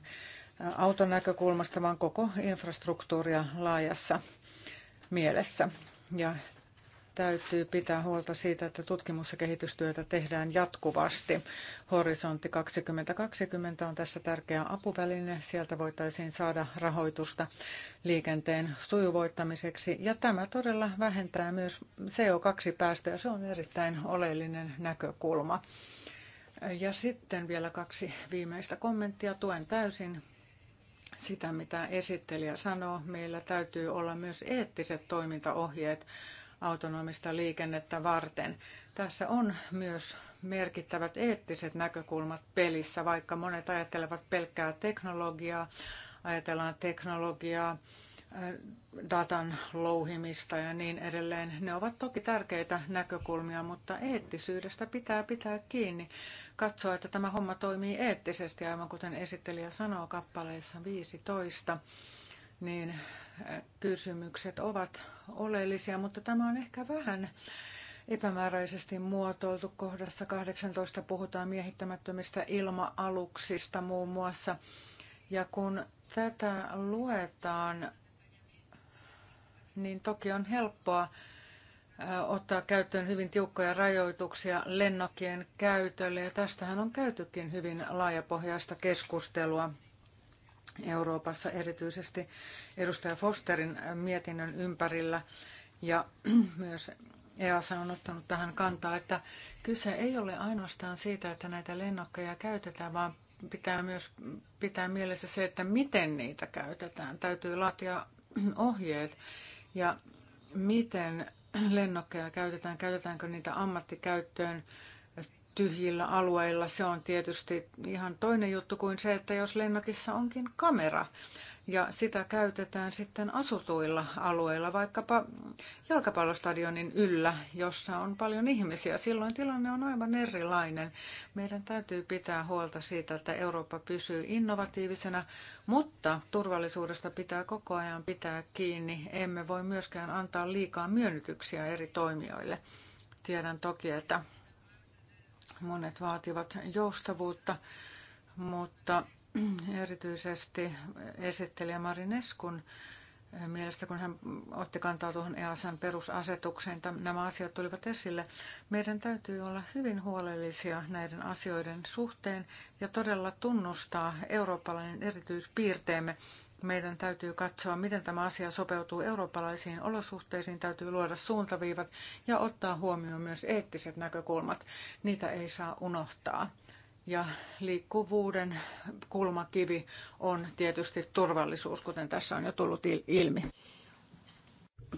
auton näkökulmasta, vaan koko infrastruktuuria laajassa mielessä. Ja täytyy pitää huolta siitä, että tutkimus- ja kehitystyötä tehdään jatkuvasti. Horisontti 2020 on tässä tärkeä apuväline. Sieltä voitaisiin saada rahoitusta liikenteen sujuvoittamiseksi. Ja tämä todella vähentää myös CO2-päästöjä. Se on erittäin oleellinen näkökulma. Ja sitten vielä kaksi viimeistä kommenttia. Tuen täysin sitä, mitä esittelijä sanoo. Meillä täytyy olla myös eettiset toimintaohjeet autonomista liikennettä varten. Tässä on myös merkittävät eettiset näkökulmat pelissä, vaikka monet ajattelevat pelkkää teknologiaa, ajatellaan teknologiaa, eh, datan louhimista ja niin edelleen. Ne ovat toki tärkeitä näkökulmia, mutta eettisyydestä pitää pitää kiinni. Katsoa, että tämä homma toimii eettisesti, aivan kuten esittelijä sanoo kappaleessa 15, niin kysymykset ovat oleellisia, mutta tämä on ehkä vähän epämääräisesti muotoiltu. Kohdassa 18 puhutaan miehittämättömistä ilma-aluksista muun muassa. Ja kun tätä luetaan, niin toki on helppoa ottaa käyttöön hyvin tiukkoja rajoituksia lennokkien käytölle. Ja tästähän on käytykin hyvin laajapohjaista keskustelua Euroopassa, erityisesti edustaja Fosterin mietinnön ympärillä. Ja myös EASA on ottanut tähän kantaa, että kyse ei ole ainoastaan siitä, että näitä lennokkeja käytetään, vaan pitää myös pitää mielessä se, että miten niitä käytetään. Täytyy laatia ohjeet ja miten lennokkeja käytetään, käytetäänkö niitä ammattikäyttöön tyhjillä alueilla. Se on tietysti ihan toinen juttu kuin se, että jos lennokissa onkin kamera ja sitä käytetään sitten asutuilla alueilla, vaikkapa jalkapallostadionin yllä, jossa on paljon ihmisiä. Silloin tilanne on aivan erilainen. Meidän täytyy pitää huolta siitä, että Eurooppa pysyy innovatiivisena, mutta turvallisuudesta pitää koko ajan pitää kiinni. Emme voi myöskään antaa liikaa myönnytyksiä eri toimijoille. Tiedän toki, että Monet vaativat joustavuutta, mutta erityisesti esittelijä Marineskun mielestä, kun hän otti kantaa tuohon EASan perusasetukseen, nämä asiat tulivat esille. Meidän täytyy olla hyvin huolellisia näiden asioiden suhteen ja todella tunnustaa eurooppalainen erityispiirteemme meidän täytyy katsoa, miten tämä asia sopeutuu eurooppalaisiin olosuhteisiin, täytyy luoda suuntaviivat ja ottaa huomioon myös eettiset näkökulmat. Niitä ei saa unohtaa. Ja liikkuvuuden kulmakivi on tietysti turvallisuus, kuten tässä on jo tullut ilmi.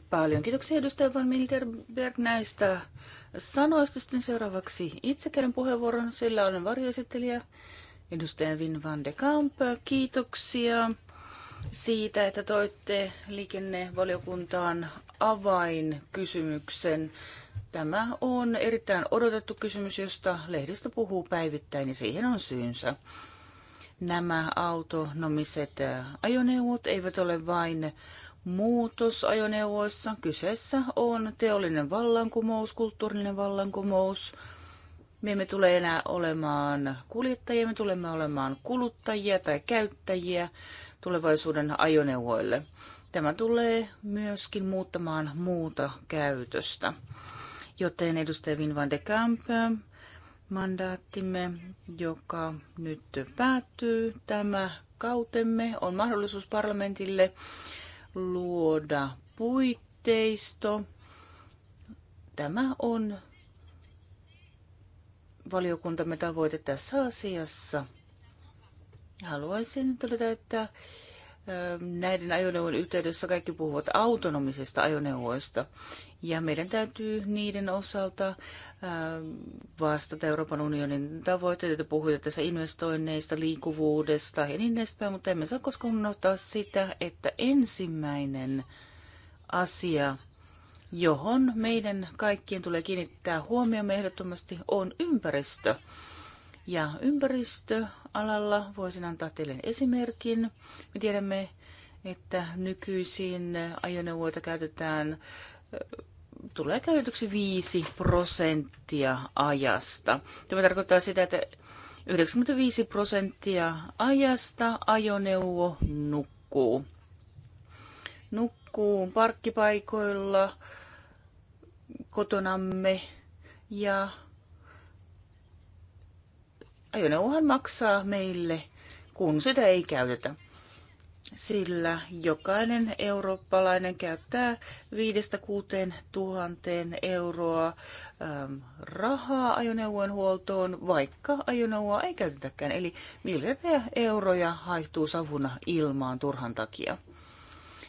Paljon kiitoksia edustaja Van Milterberg näistä sanoista. Sitten seuraavaksi itse käyn puheenvuoron, sillä olen varjoesittelijä. Edustaja Vin van de Kamp, kiitoksia siitä, että toitte liikennevaliokuntaan avainkysymyksen. Tämä on erittäin odotettu kysymys, josta lehdistö puhuu päivittäin ja siihen on syynsä. Nämä autonomiset äh, ajoneuvot eivät ole vain muutos ajoneuvoissa. Kyseessä on teollinen vallankumous, kulttuurinen vallankumous. Me emme tule enää olemaan kuljettajia, me tulemme olemaan kuluttajia tai käyttäjiä tulevaisuuden ajoneuvoille. Tämä tulee myöskin muuttamaan muuta käytöstä. Joten edustaja Vin van de Kamp, mandaattimme, joka nyt päättyy, tämä kautemme on mahdollisuus parlamentille luoda puitteisto. Tämä on valiokuntamme tavoite tässä asiassa – Haluaisin todeta, että näiden ajoneuvojen yhteydessä kaikki puhuvat autonomisista ajoneuvoista. Ja meidän täytyy niiden osalta vastata Euroopan unionin tavoitteita. Puhuitte tässä investoinneista, liikkuvuudesta ja niin edespäin, mutta emme saa koskaan unohtaa sitä, että ensimmäinen asia, johon meidän kaikkien tulee kiinnittää huomioon ehdottomasti, on ympäristö ja ympäristöalalla. Voisin antaa teille esimerkin. Me tiedämme, että nykyisin ajoneuvoita käytetään, tulee käytetyksi 5 prosenttia ajasta. Tämä tarkoittaa sitä, että 95 prosenttia ajasta ajoneuvo nukkuu. Nukkuu parkkipaikoilla, kotonamme ja ajoneuvohan maksaa meille, kun sitä ei käytetä. Sillä jokainen eurooppalainen käyttää 5-6 tuhanteen euroa äm, rahaa ajoneuvon huoltoon, vaikka ajoneuvoa ei käytetäkään. Eli miljardeja euroja haihtuu savuna ilmaan turhan takia.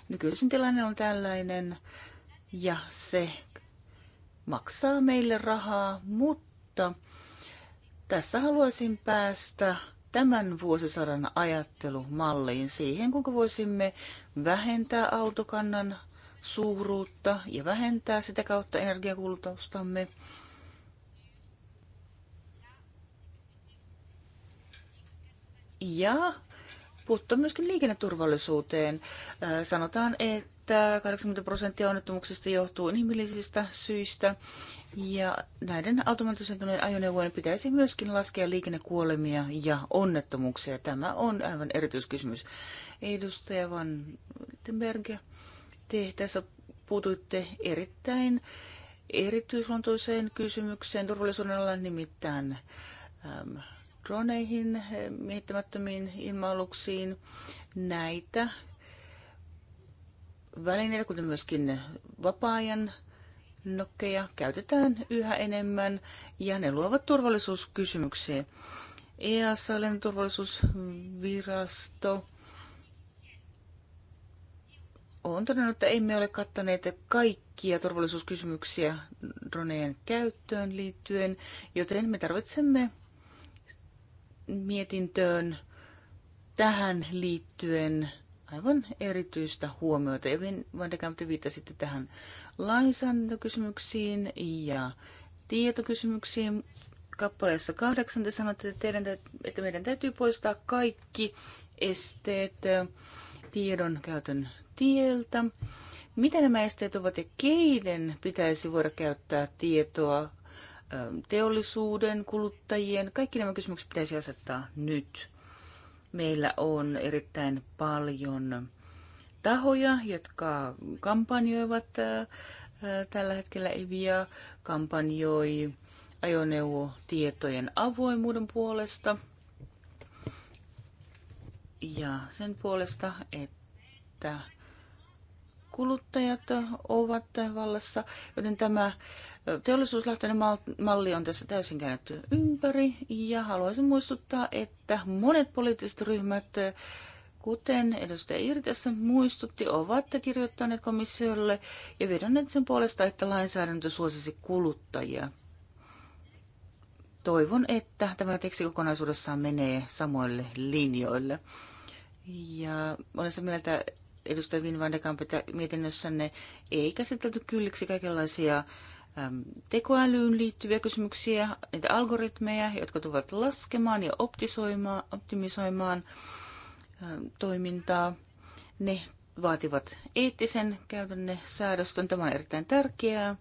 Nykyisin tilanne on tällainen ja se maksaa meille rahaa, mutta tässä haluaisin päästä tämän vuosisadan ajattelumalliin siihen, kuinka voisimme vähentää autokannan suuruutta ja vähentää sitä kautta energiakulutustamme. Ja puuttua myöskin liikenneturvallisuuteen. Äh, sanotaan, että että 80 prosenttia onnettomuuksista johtuu inhimillisistä syistä. Ja näiden automatisoituneiden ajoneuvojen pitäisi myöskin laskea liikennekuolemia ja onnettomuuksia. Tämä on aivan erityiskysymys. Edustaja Van Tenberg, te tässä puutuitte erittäin erityisluontoiseen kysymykseen turvallisuuden alla, nimittäin ähm, droneihin, äh, miehittämättömiin ilma-aluksiin. Näitä välineitä, kuten myöskin vapaa-ajan nokkeja, käytetään yhä enemmän ja ne luovat turvallisuuskysymyksiä. EASALen turvallisuusvirasto on todennut, että emme ole kattaneet kaikkia turvallisuuskysymyksiä droneen käyttöön liittyen, joten me tarvitsemme mietintöön tähän liittyen aivan erityistä huomiota. Evin Van de Kamp, te viittasitte tähän lainsäädäntökysymyksiin ja tietokysymyksiin. Kappaleessa kahdeksan te sanotte, että, teidän, että meidän täytyy poistaa kaikki esteet tiedon käytön tieltä. Mitä nämä esteet ovat ja keiden pitäisi voida käyttää tietoa teollisuuden, kuluttajien, kaikki nämä kysymykset pitäisi asettaa nyt. Meillä on erittäin paljon tahoja, jotka kampanjoivat äh, äh, tällä hetkellä Evia kampanjoi ajoneuvotietojen avoimuuden puolesta ja sen puolesta, että kuluttajat ovat vallassa, joten tämä teollisuuslähtöinen malli on tässä täysin käännetty ympäri. Ja haluaisin muistuttaa, että monet poliittiset ryhmät, kuten edustaja Iiri tässä muistutti, ovat kirjoittaneet komissiolle ja vedonneet sen puolesta, että lainsäädäntö suosisi kuluttajia. Toivon, että tämä teksti kokonaisuudessaan menee samoille linjoille. Ja olen se mieltä, edustaja Vin van de mietinnössänne ei käsitelty kylliksi kaikenlaisia tekoälyyn liittyviä kysymyksiä, niitä algoritmeja, jotka tulevat laskemaan ja optimisoimaan, optimisoimaan toimintaa. Ne vaativat eettisen käytännön säädöstön. Tämä on erittäin tärkeää.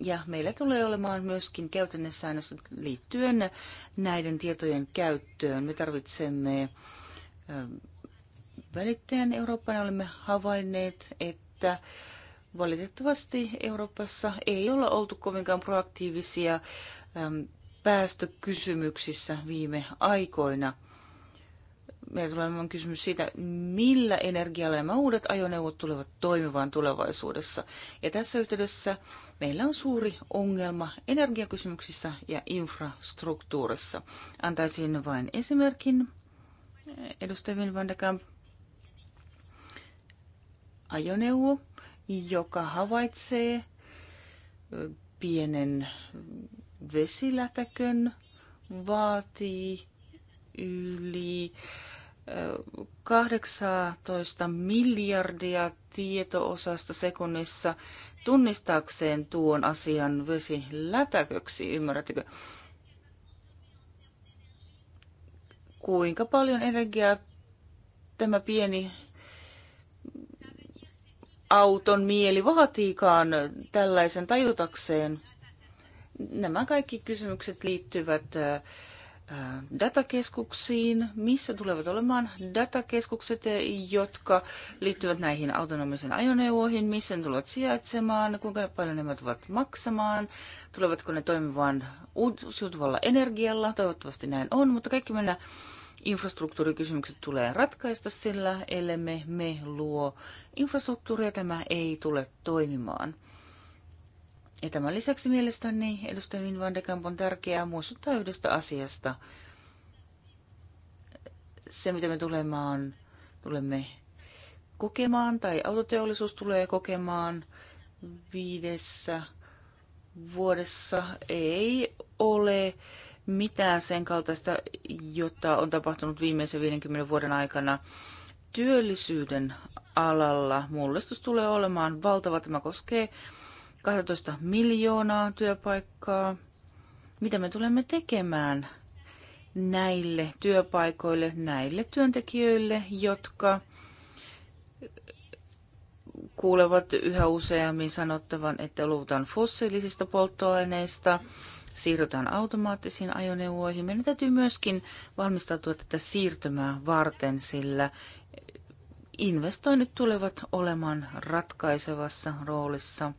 Ja meillä tulee olemaan myöskin käytännön säännöstön liittyen näiden tietojen käyttöön. Me tarvitsemme välittäjän Eurooppana olemme havainneet, että valitettavasti Euroopassa ei olla oltu kovinkaan proaktiivisia päästökysymyksissä viime aikoina. Meillä tulee olemaan kysymys siitä, millä energialla nämä uudet ajoneuvot tulevat toimivaan tulevaisuudessa. Ja tässä yhteydessä meillä on suuri ongelma energiakysymyksissä ja infrastruktuurissa. Antaisin vain esimerkin. Edustaja Wim van de Kamp ajoneuvo, joka havaitsee pienen vesilätäkön, vaatii yli 18 miljardia tietoosasta sekunnissa tunnistaakseen tuon asian vesilätäköksi, ymmärrättekö? Kuinka paljon energiaa tämä pieni auton mieli vaatiikaan tällaisen tajutakseen. Nämä kaikki kysymykset liittyvät datakeskuksiin. Missä tulevat olemaan datakeskukset, jotka liittyvät näihin autonomisiin ajoneuvoihin? Missä ne tulevat sijaitsemaan? Kuinka paljon ne tulevat maksamaan? Tulevatko ne toimimaan uusiutuvalla energialla? Toivottavasti näin on, mutta kaikki mennään infrastruktuurikysymykset tulee ratkaista, sillä ellemme me luo infrastruktuuria, tämä ei tule toimimaan. Ja tämän lisäksi mielestäni edustaja Vin van de Kamp on tärkeää muistuttaa yhdestä asiasta. Se, mitä me tulemaan, tulemme kokemaan, tai autoteollisuus tulee kokemaan viidessä vuodessa, ei ole mitään sen kaltaista, jota on tapahtunut viimeisen 50 vuoden aikana työllisyyden alalla. Mullistus tulee olemaan valtava. Tämä koskee 12 miljoonaa työpaikkaa. Mitä me tulemme tekemään näille työpaikoille, näille työntekijöille, jotka kuulevat yhä useammin sanottavan, että luvutaan fossiilisista polttoaineista, siirrytään automaattisiin ajoneuvoihin. Meidän täytyy myöskin valmistautua tätä siirtymää varten, sillä investoinnit tulevat olemaan ratkaisevassa roolissa.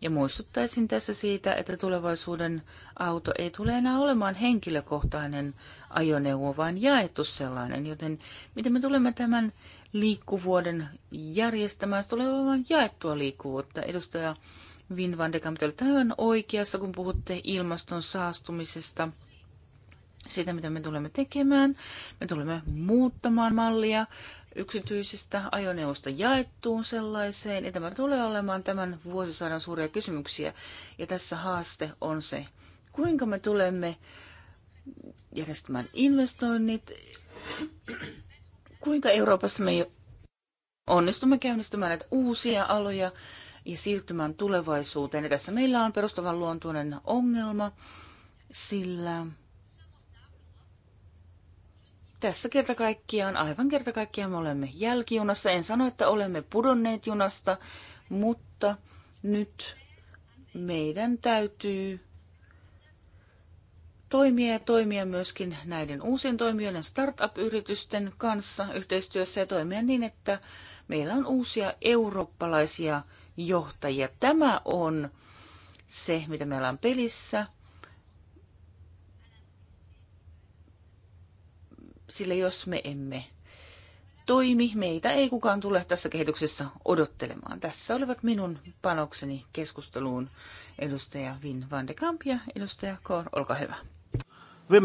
Ja muistuttaisin tässä siitä, että tulevaisuuden auto ei tule enää olemaan henkilökohtainen ajoneuvo, vaan jaettu sellainen. Joten miten me tulemme tämän liikkuvuuden järjestämään, se tulee olemaan jaettua liikkuvuutta. Edustaja Vin van de Kamp, olette aivan oikeassa, kun puhutte ilmaston saastumisesta. Sitä, mitä me tulemme tekemään. Me tulemme muuttamaan mallia yksityisestä ajoneuvosta jaettuun sellaiseen. Ja tämä tulee olemaan tämän vuosisadan suuria kysymyksiä. Ja tässä haaste on se, kuinka me tulemme järjestämään investoinnit, kuinka Euroopassa me onnistumme käynnistämään näitä uusia aloja, ja siirtymään tulevaisuuteen. Ja tässä meillä on perustavan luontuinen ongelma, sillä tässä kerta kaikkiaan, aivan kerta kaikkiaan me olemme jälkijunassa. En sano, että olemme pudonneet junasta, mutta nyt meidän täytyy toimia ja toimia myöskin näiden uusien toimijoiden startup-yritysten kanssa yhteistyössä ja toimia niin, että meillä on uusia eurooppalaisia johtajia. Tämä on se, mitä meillä on pelissä. Sillä jos me emme toimi, meitä ei kukaan tule tässä kehityksessä odottelemaan. Tässä olivat minun panokseni keskusteluun edustaja Vin van de Kamp ja edustaja Kor, olkaa hyvä. Wim,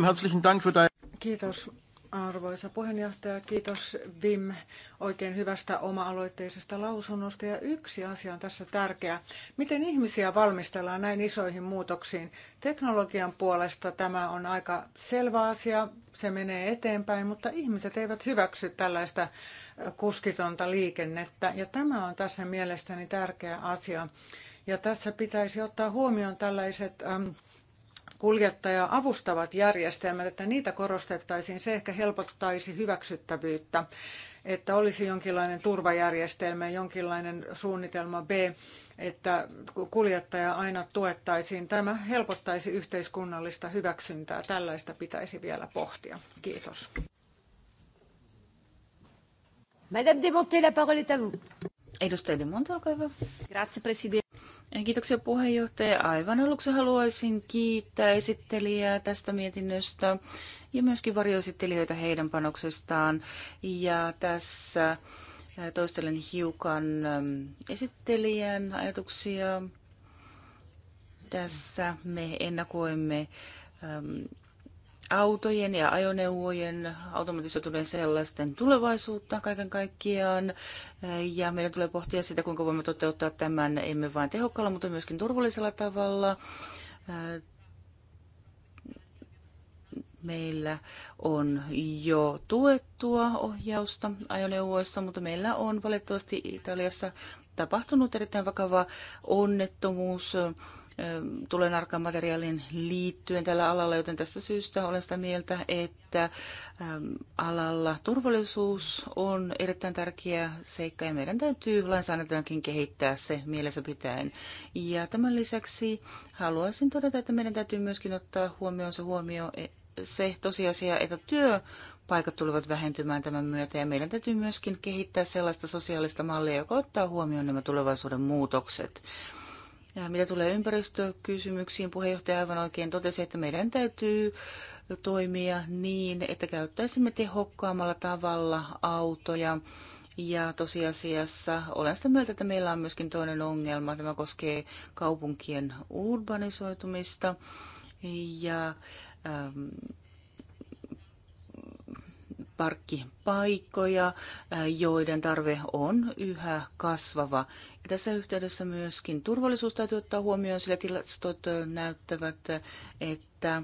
Kiitos Arvoisa puheenjohtaja, kiitos Vim oikein hyvästä oma-aloitteisesta lausunnosta. Ja yksi asia on tässä tärkeä. Miten ihmisiä valmistellaan näin isoihin muutoksiin? Teknologian puolesta tämä on aika selvä asia, se menee eteenpäin, mutta ihmiset eivät hyväksy tällaista kuskitonta liikennettä. Ja tämä on tässä mielestäni tärkeä asia. Ja tässä pitäisi ottaa huomioon tällaiset ähm, kuljettajaa avustavat järjestelmät, että niitä korostettaisiin, se ehkä helpottaisi hyväksyttävyyttä, että olisi jonkinlainen turvajärjestelmä, jonkinlainen suunnitelma B, että kuljettaja aina tuettaisiin. Tämä helpottaisi yhteiskunnallista hyväksyntää. Tällaista pitäisi vielä pohtia. Kiitos. Madame Demonté, la parole est à vous. Edustaja De Monta, olkaa hyvä. Grazie, presidente. Kiitoksia puheenjohtaja. Aivan aluksi haluaisin kiittää esittelijää tästä mietinnöstä ja myöskin varjoesittelijöitä heidän panoksestaan. Ja tässä toistelen hiukan esittelijän ajatuksia. Tässä me ennakoimme autojen ja ajoneuvojen, automatisoituneen sellaisten tulevaisuutta kaiken kaikkiaan. Ja meidän tulee pohtia sitä, kuinka voimme toteuttaa tämän emme vain tehokkaalla, mutta myöskin turvallisella tavalla. Meillä on jo tuettua ohjausta ajoneuvoissa, mutta meillä on valitettavasti Italiassa tapahtunut erittäin vakava onnettomuus tulen arkan materiaalin liittyen tällä alalla, joten tästä syystä olen sitä mieltä, että alalla turvallisuus on erittäin tärkeä seikka ja meidän täytyy lainsäädäntöönkin kehittää se mielessä pitäen. Ja tämän lisäksi haluaisin todeta, että meidän täytyy myöskin ottaa huomioon se, huomio, e, se tosiasia, että työ paikat tulevat vähentymään tämän myötä ja meidän täytyy myöskin kehittää sellaista sosiaalista mallia, joka ottaa huomioon nämä tulevaisuuden muutokset. Mitä tulee ympäristökysymyksiin, puheenjohtaja aivan oikein totesi, että meidän täytyy toimia niin, että käyttäisimme tehokkaammalla tavalla autoja. Ja tosiasiassa olen sitä mieltä, että meillä on myöskin toinen ongelma. Tämä koskee kaupunkien urbanisoitumista ja ähm, parkkipaikkoja, äh, joiden tarve on yhä kasvava. Tässä yhteydessä myöskin turvallisuus täytyy ottaa huomioon, sillä tilastot näyttävät, että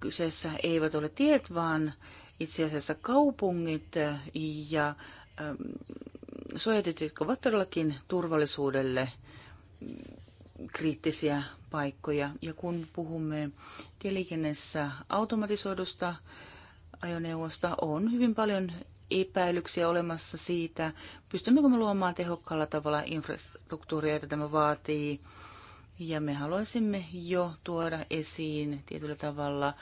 kyseessä eivät ole tiet, vaan itse asiassa kaupungit ja suojatit, jotka ovat todellakin turvallisuudelle mm, kriittisiä paikkoja. Ja kun puhumme tieliikennessä automatisoidusta ajoneuvosta, on hyvin paljon epäilyksiä olemassa siitä, pystymmekö me luomaan tehokkaalla tavalla infrastruktuuria, jota tämä vaatii. Ja me haluaisimme jo tuoda esiin tietyllä tavalla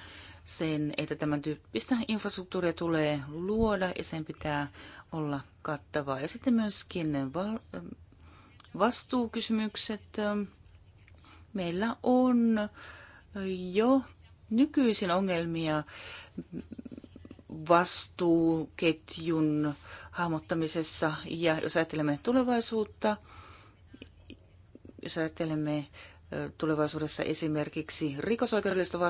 sen, että tämän tyyppistä infrastruktuuria tulee luoda ja sen pitää olla kattavaa. Ja sitten myöskin val- vastuukysymykset. Meillä on jo nykyisin ongelmia vastuuketjun hahmottamisessa. Ja jos ajattelemme tulevaisuutta, jos ajattelemme tulevaisuudessa esimerkiksi rikosoikeudellista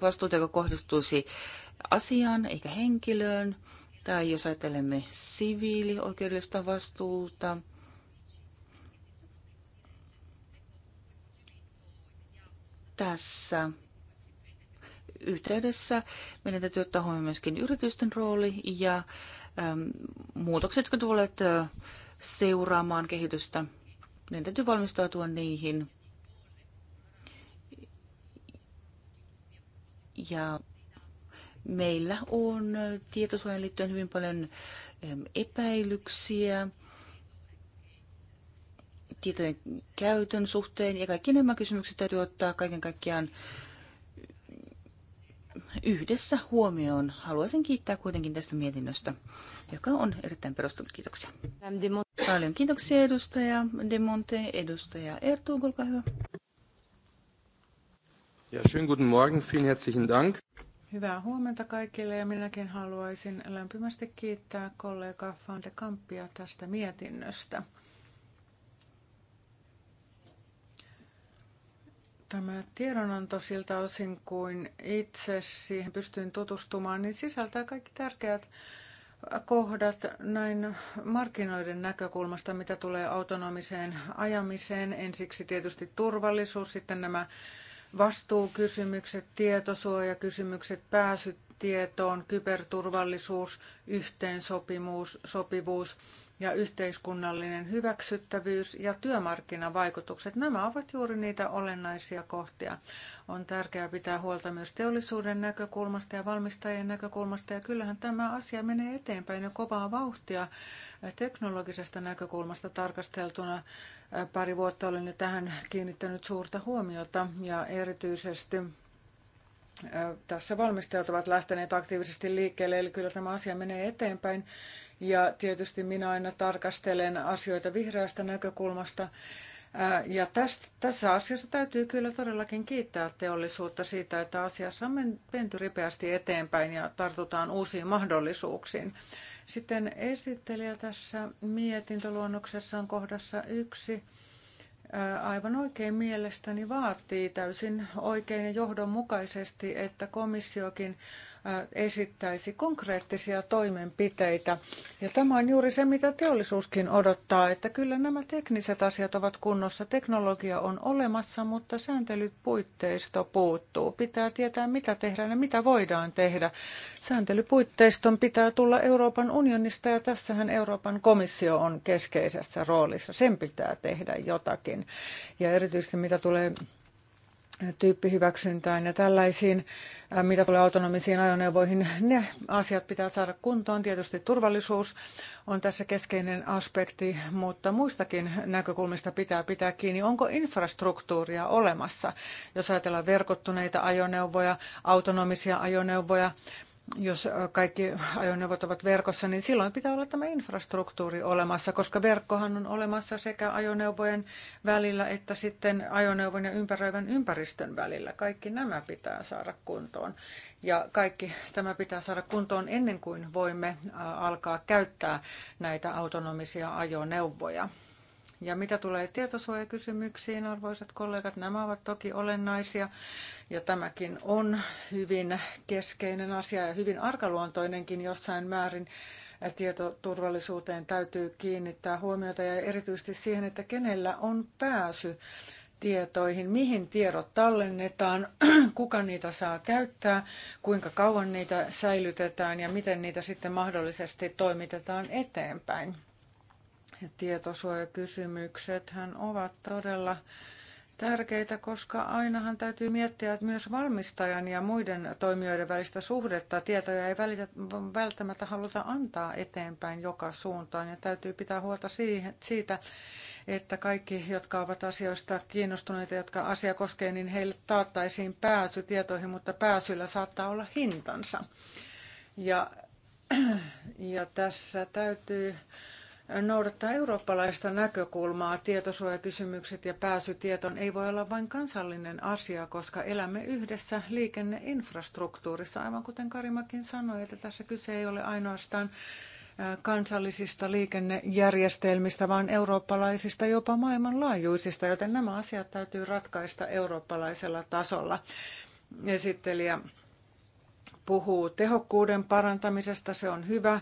vastuuta, joka kohdistuisi asiaan eikä henkilöön, tai jos ajattelemme siviilioikeudellista vastuuta, tässä yhteydessä meidän täytyy ottaa huomioon myöskin yritysten rooli ja ähm, muutokset, jotka tulevat äh, seuraamaan kehitystä. Meidän täytyy valmistautua niihin. Ja meillä on tietosuojan liittyen hyvin paljon ähm, epäilyksiä tietojen käytön suhteen ja kaikki nämä kysymykset täytyy ottaa kaiken kaikkiaan yhdessä huomioon. Haluaisin kiittää kuitenkin tästä mietinnöstä, joka on erittäin perustunut. Kiitoksia. Paljon kiitoksia edustaja Demonte, edustaja Ertu, olkaa hyvä. Ja, schönen guten Morgen, vielen herzlichen Dank. Hyvää huomenta kaikille ja minäkin haluaisin lämpimästi kiittää kollega Fante Kampia tästä mietinnöstä. Tämä tiedonanto siltä osin kuin itse siihen pystyin tutustumaan, niin sisältää kaikki tärkeät kohdat näin markkinoiden näkökulmasta, mitä tulee autonomiseen ajamiseen. Ensiksi tietysti turvallisuus, sitten nämä vastuukysymykset, tietosuojakysymykset, pääsy tietoon, kyberturvallisuus, yhteensopivuus, sopivuus ja yhteiskunnallinen hyväksyttävyys ja työmarkkinavaikutukset. Nämä ovat juuri niitä olennaisia kohtia. On tärkeää pitää huolta myös teollisuuden näkökulmasta ja valmistajien näkökulmasta. Ja kyllähän tämä asia menee eteenpäin jo kovaa vauhtia teknologisesta näkökulmasta tarkasteltuna. Pari vuotta olen jo tähän kiinnittänyt suurta huomiota ja erityisesti äh, tässä valmistajat ovat lähteneet aktiivisesti liikkeelle, eli kyllä tämä asia menee eteenpäin. Ja tietysti minä aina tarkastelen asioita vihreästä näkökulmasta. Ja tästä, tässä asiassa täytyy kyllä todellakin kiittää teollisuutta siitä, että asiassa on menty ripeästi eteenpäin ja tartutaan uusiin mahdollisuuksiin. Sitten esittelijä tässä mietintöluonnoksessaan kohdassa yksi aivan oikein mielestäni vaatii täysin oikein ja johdonmukaisesti, että komissiokin esittäisi konkreettisia toimenpiteitä. Ja tämä on juuri se, mitä teollisuuskin odottaa, että kyllä nämä tekniset asiat ovat kunnossa. Teknologia on olemassa, mutta sääntelypuitteisto puuttuu. Pitää tietää, mitä tehdään ja mitä voidaan tehdä. Sääntelypuitteiston pitää tulla Euroopan unionista ja tässähän Euroopan komissio on keskeisessä roolissa. Sen pitää tehdä jotakin. Ja erityisesti mitä tulee tyyppihyväksyntään ja tällaisiin, äh, mitä tulee autonomisiin ajoneuvoihin. Ne asiat pitää saada kuntoon. Tietysti turvallisuus on tässä keskeinen aspekti, mutta muistakin näkökulmista pitää pitää kiinni. Onko infrastruktuuria olemassa? Jos ajatellaan verkottuneita ajoneuvoja, autonomisia ajoneuvoja, jos kaikki ajoneuvot ovat verkossa, niin silloin pitää olla tämä infrastruktuuri olemassa, koska verkkohan on olemassa sekä ajoneuvojen välillä että sitten ajoneuvon ja ympäröivän ympäristön välillä. Kaikki nämä pitää saada kuntoon. Ja kaikki tämä pitää saada kuntoon ennen kuin voimme alkaa käyttää näitä autonomisia ajoneuvoja. Ja mitä tulee tietosuojakysymyksiin, arvoisat kollegat, nämä ovat toki olennaisia ja tämäkin on hyvin keskeinen asia ja hyvin arkaluontoinenkin jossain määrin. Tietoturvallisuuteen täytyy kiinnittää huomiota ja erityisesti siihen, että kenellä on pääsy tietoihin, mihin tiedot tallennetaan, kuka niitä saa käyttää, kuinka kauan niitä säilytetään ja miten niitä sitten mahdollisesti toimitetaan eteenpäin ja hän ovat todella tärkeitä, koska ainahan täytyy miettiä että myös valmistajan ja muiden toimijoiden välistä suhdetta. Tietoja ei välitä, välttämättä haluta antaa eteenpäin joka suuntaan ja täytyy pitää huolta siitä, että kaikki, jotka ovat asioista kiinnostuneita, jotka asia koskee, niin heille taattaisiin pääsy tietoihin, mutta pääsyllä saattaa olla hintansa. Ja, ja tässä täytyy noudattaa eurooppalaista näkökulmaa. Tietosuojakysymykset ja pääsy tietoon ei voi olla vain kansallinen asia, koska elämme yhdessä liikenneinfrastruktuurissa, aivan kuten Karimakin sanoi, että tässä kyse ei ole ainoastaan kansallisista liikennejärjestelmistä, vaan eurooppalaisista, jopa maailmanlaajuisista, joten nämä asiat täytyy ratkaista eurooppalaisella tasolla. Esittelijä puhuu tehokkuuden parantamisesta, se on hyvä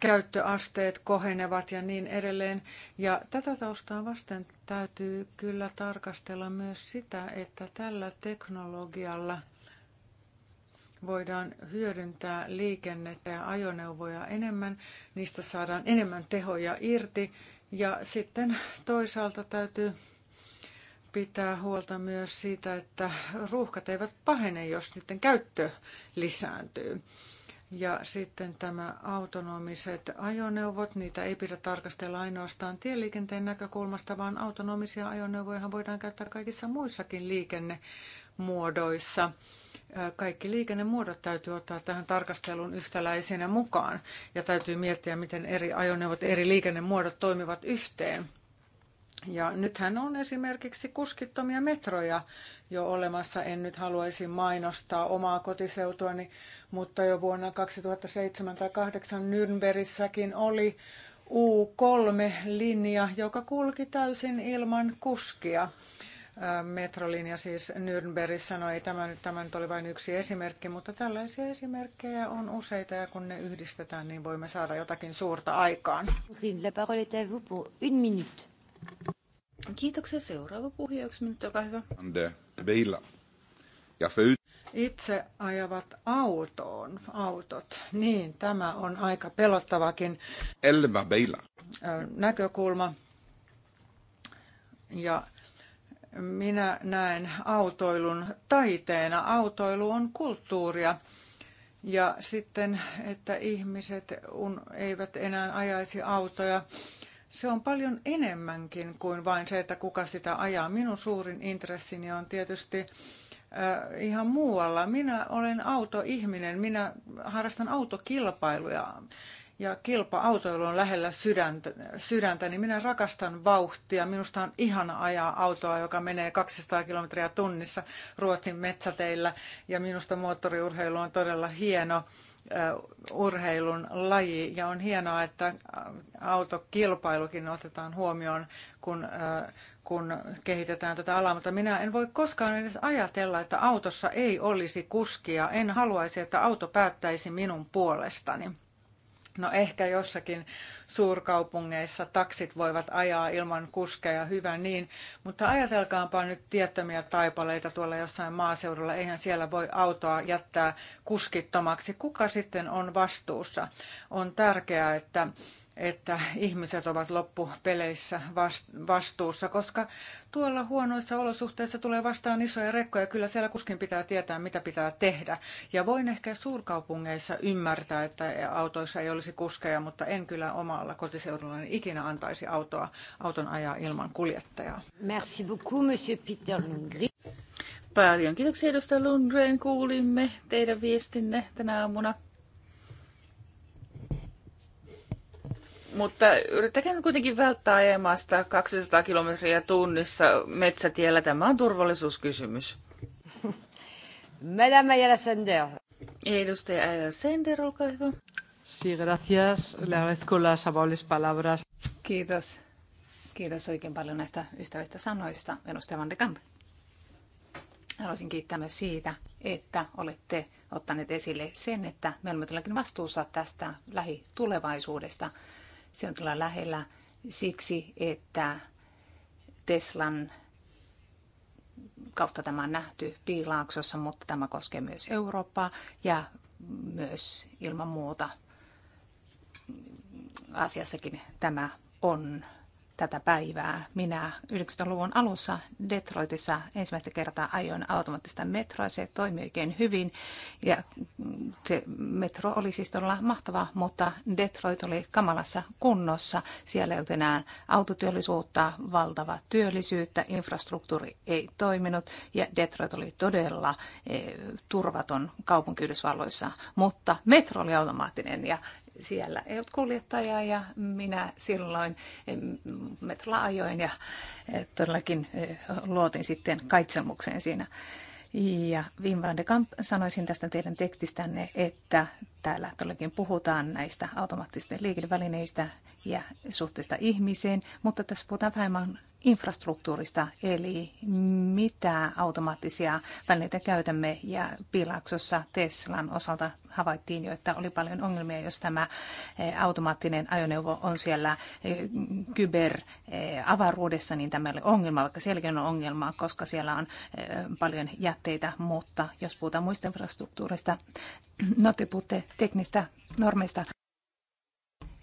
käyttöasteet kohenevat ja niin edelleen. Ja tätä taustaa vasten täytyy kyllä tarkastella myös sitä, että tällä teknologialla voidaan hyödyntää liikennettä ja ajoneuvoja enemmän, niistä saadaan enemmän tehoja irti ja sitten toisaalta täytyy pitää huolta myös siitä, että ruuhkat eivät pahene, jos niiden käyttö lisääntyy. Ja sitten tämä autonomiset ajoneuvot, niitä ei pidä tarkastella ainoastaan tieliikenteen näkökulmasta, vaan autonomisia ajoneuvoja voidaan käyttää kaikissa muissakin liikennemuodoissa. Kaikki liikennemuodot täytyy ottaa tähän tarkasteluun yhtäläisinä mukaan ja täytyy miettiä, miten eri ajoneuvot, eri liikennemuodot toimivat yhteen. Ja nythän on esimerkiksi kuskittomia metroja jo olemassa. En nyt haluaisi mainostaa omaa kotiseutuani, mutta jo vuonna 2007 tai 2008 Nürnbergissäkin oli U3-linja, joka kulki täysin ilman kuskia. Metrolinja siis Nürnbergissä, no ei tämä nyt, tämä nyt oli vain yksi esimerkki, mutta tällaisia esimerkkejä on useita ja kun ne yhdistetään, niin voimme saada jotakin suurta aikaan. La parole est à vous pour une minute. Kiitoksia. Seuraava puhuja, yksi minuutti, olkaa hyvä. Ande Beila. Ja föy... Itse ajavat autoon, autot. Niin, tämä on aika pelottavakin. Elva Beila. Näkökulma. Ja minä näen autoilun taiteena. Autoilu on kulttuuria. Ja sitten, että ihmiset eivät enää ajaisi autoja se on paljon enemmänkin kuin vain se, että kuka sitä ajaa. Minun suurin intressini on tietysti äh, ihan muualla. Minä olen autoihminen, minä harrastan autokilpailuja ja kilpa-autoilu on lähellä sydäntä, sydäntä, niin minä rakastan vauhtia. Minusta on ihana ajaa autoa, joka menee 200 kilometriä tunnissa Ruotsin metsäteillä ja minusta moottoriurheilu on todella hieno urheilun laji ja on hienoa, että autokilpailukin otetaan huomioon, kun, kun kehitetään tätä alaa, mutta minä en voi koskaan edes ajatella, että autossa ei olisi kuskia. En haluaisi, että auto päättäisi minun puolestani. No ehkä jossakin suurkaupungeissa taksit voivat ajaa ilman kuskeja, hyvä niin, mutta ajatelkaanpa nyt tiettömiä taipaleita tuolla jossain maaseudulla, eihän siellä voi autoa jättää kuskittomaksi. Kuka sitten on vastuussa? On tärkeää, että että ihmiset ovat loppupeleissä vastuussa, koska tuolla huonoissa olosuhteissa tulee vastaan isoja rekkoja. Kyllä siellä kuskin pitää tietää, mitä pitää tehdä. Ja voin ehkä suurkaupungeissa ymmärtää, että autoissa ei olisi kuskeja, mutta en kyllä omalla kotiseudullani ikinä antaisi autoa, auton ajaa ilman kuljettajaa. Merci beaucoup, monsieur Peter Lundgren. Paljon kiitoksia edustaja Lundgren. Kuulimme teidän viestinne tänä aamuna. Mutta yrittäkää kuitenkin välttää ajamasta 200 kilometriä tunnissa metsätiellä. Tämä on turvallisuuskysymys. Madame Ayala Sender. Edustaja Ayala Sender, olkaa hyvä. Sí, gracias. Le agradezco las amables palabras. Kiitos. Kiitos oikein paljon näistä ystävistä sanoista, edustaja Van de Kamp. Haluaisin kiittää myös siitä, että olette ottaneet esille sen, että me olemme todellakin vastuussa tästä lähitulevaisuudesta. Se on kyllä lähellä siksi, että Teslan kautta tämä on nähty Piilaaksossa, mutta tämä koskee myös Eurooppaa ja myös ilman muuta asiassakin tämä on tätä päivää. Minä 90-luvun alussa Detroitissa ensimmäistä kertaa ajoin automaattista metroa. Se toimi oikein hyvin ja se metro oli siis todella mahtava, mutta Detroit oli kamalassa kunnossa. Siellä ei ollut enää autotyöllisuutta, valtava työllisyyttä, infrastruktuuri ei toiminut ja Detroit oli todella eh, turvaton kaupunki Yhdysvalloissa, mutta metro oli automaattinen ja siellä ei ollut kuljettajaa ja minä silloin metrolla ajoin ja eh, todellakin eh, luotin sitten kaitselmukseen siinä. Ja Wim van de Kamp, sanoisin tästä teidän tekstistänne, että täällä todellakin puhutaan näistä automaattisten liikennevälineistä ja suhteesta ihmiseen, mutta tässä puhutaan vähemmän infrastruktuurista, eli mitä automaattisia välineitä käytämme. Ja Pilaksossa Teslan osalta havaittiin jo, että oli paljon ongelmia, jos tämä e, automaattinen ajoneuvo on siellä e, kyberavaruudessa, e, niin tämä oli ongelma, vaikka sielläkin on ongelma, koska siellä on paljon jätteitä, mutta jos puhutaan muista infrastruktuurista, no te puhutte teknistä normeista,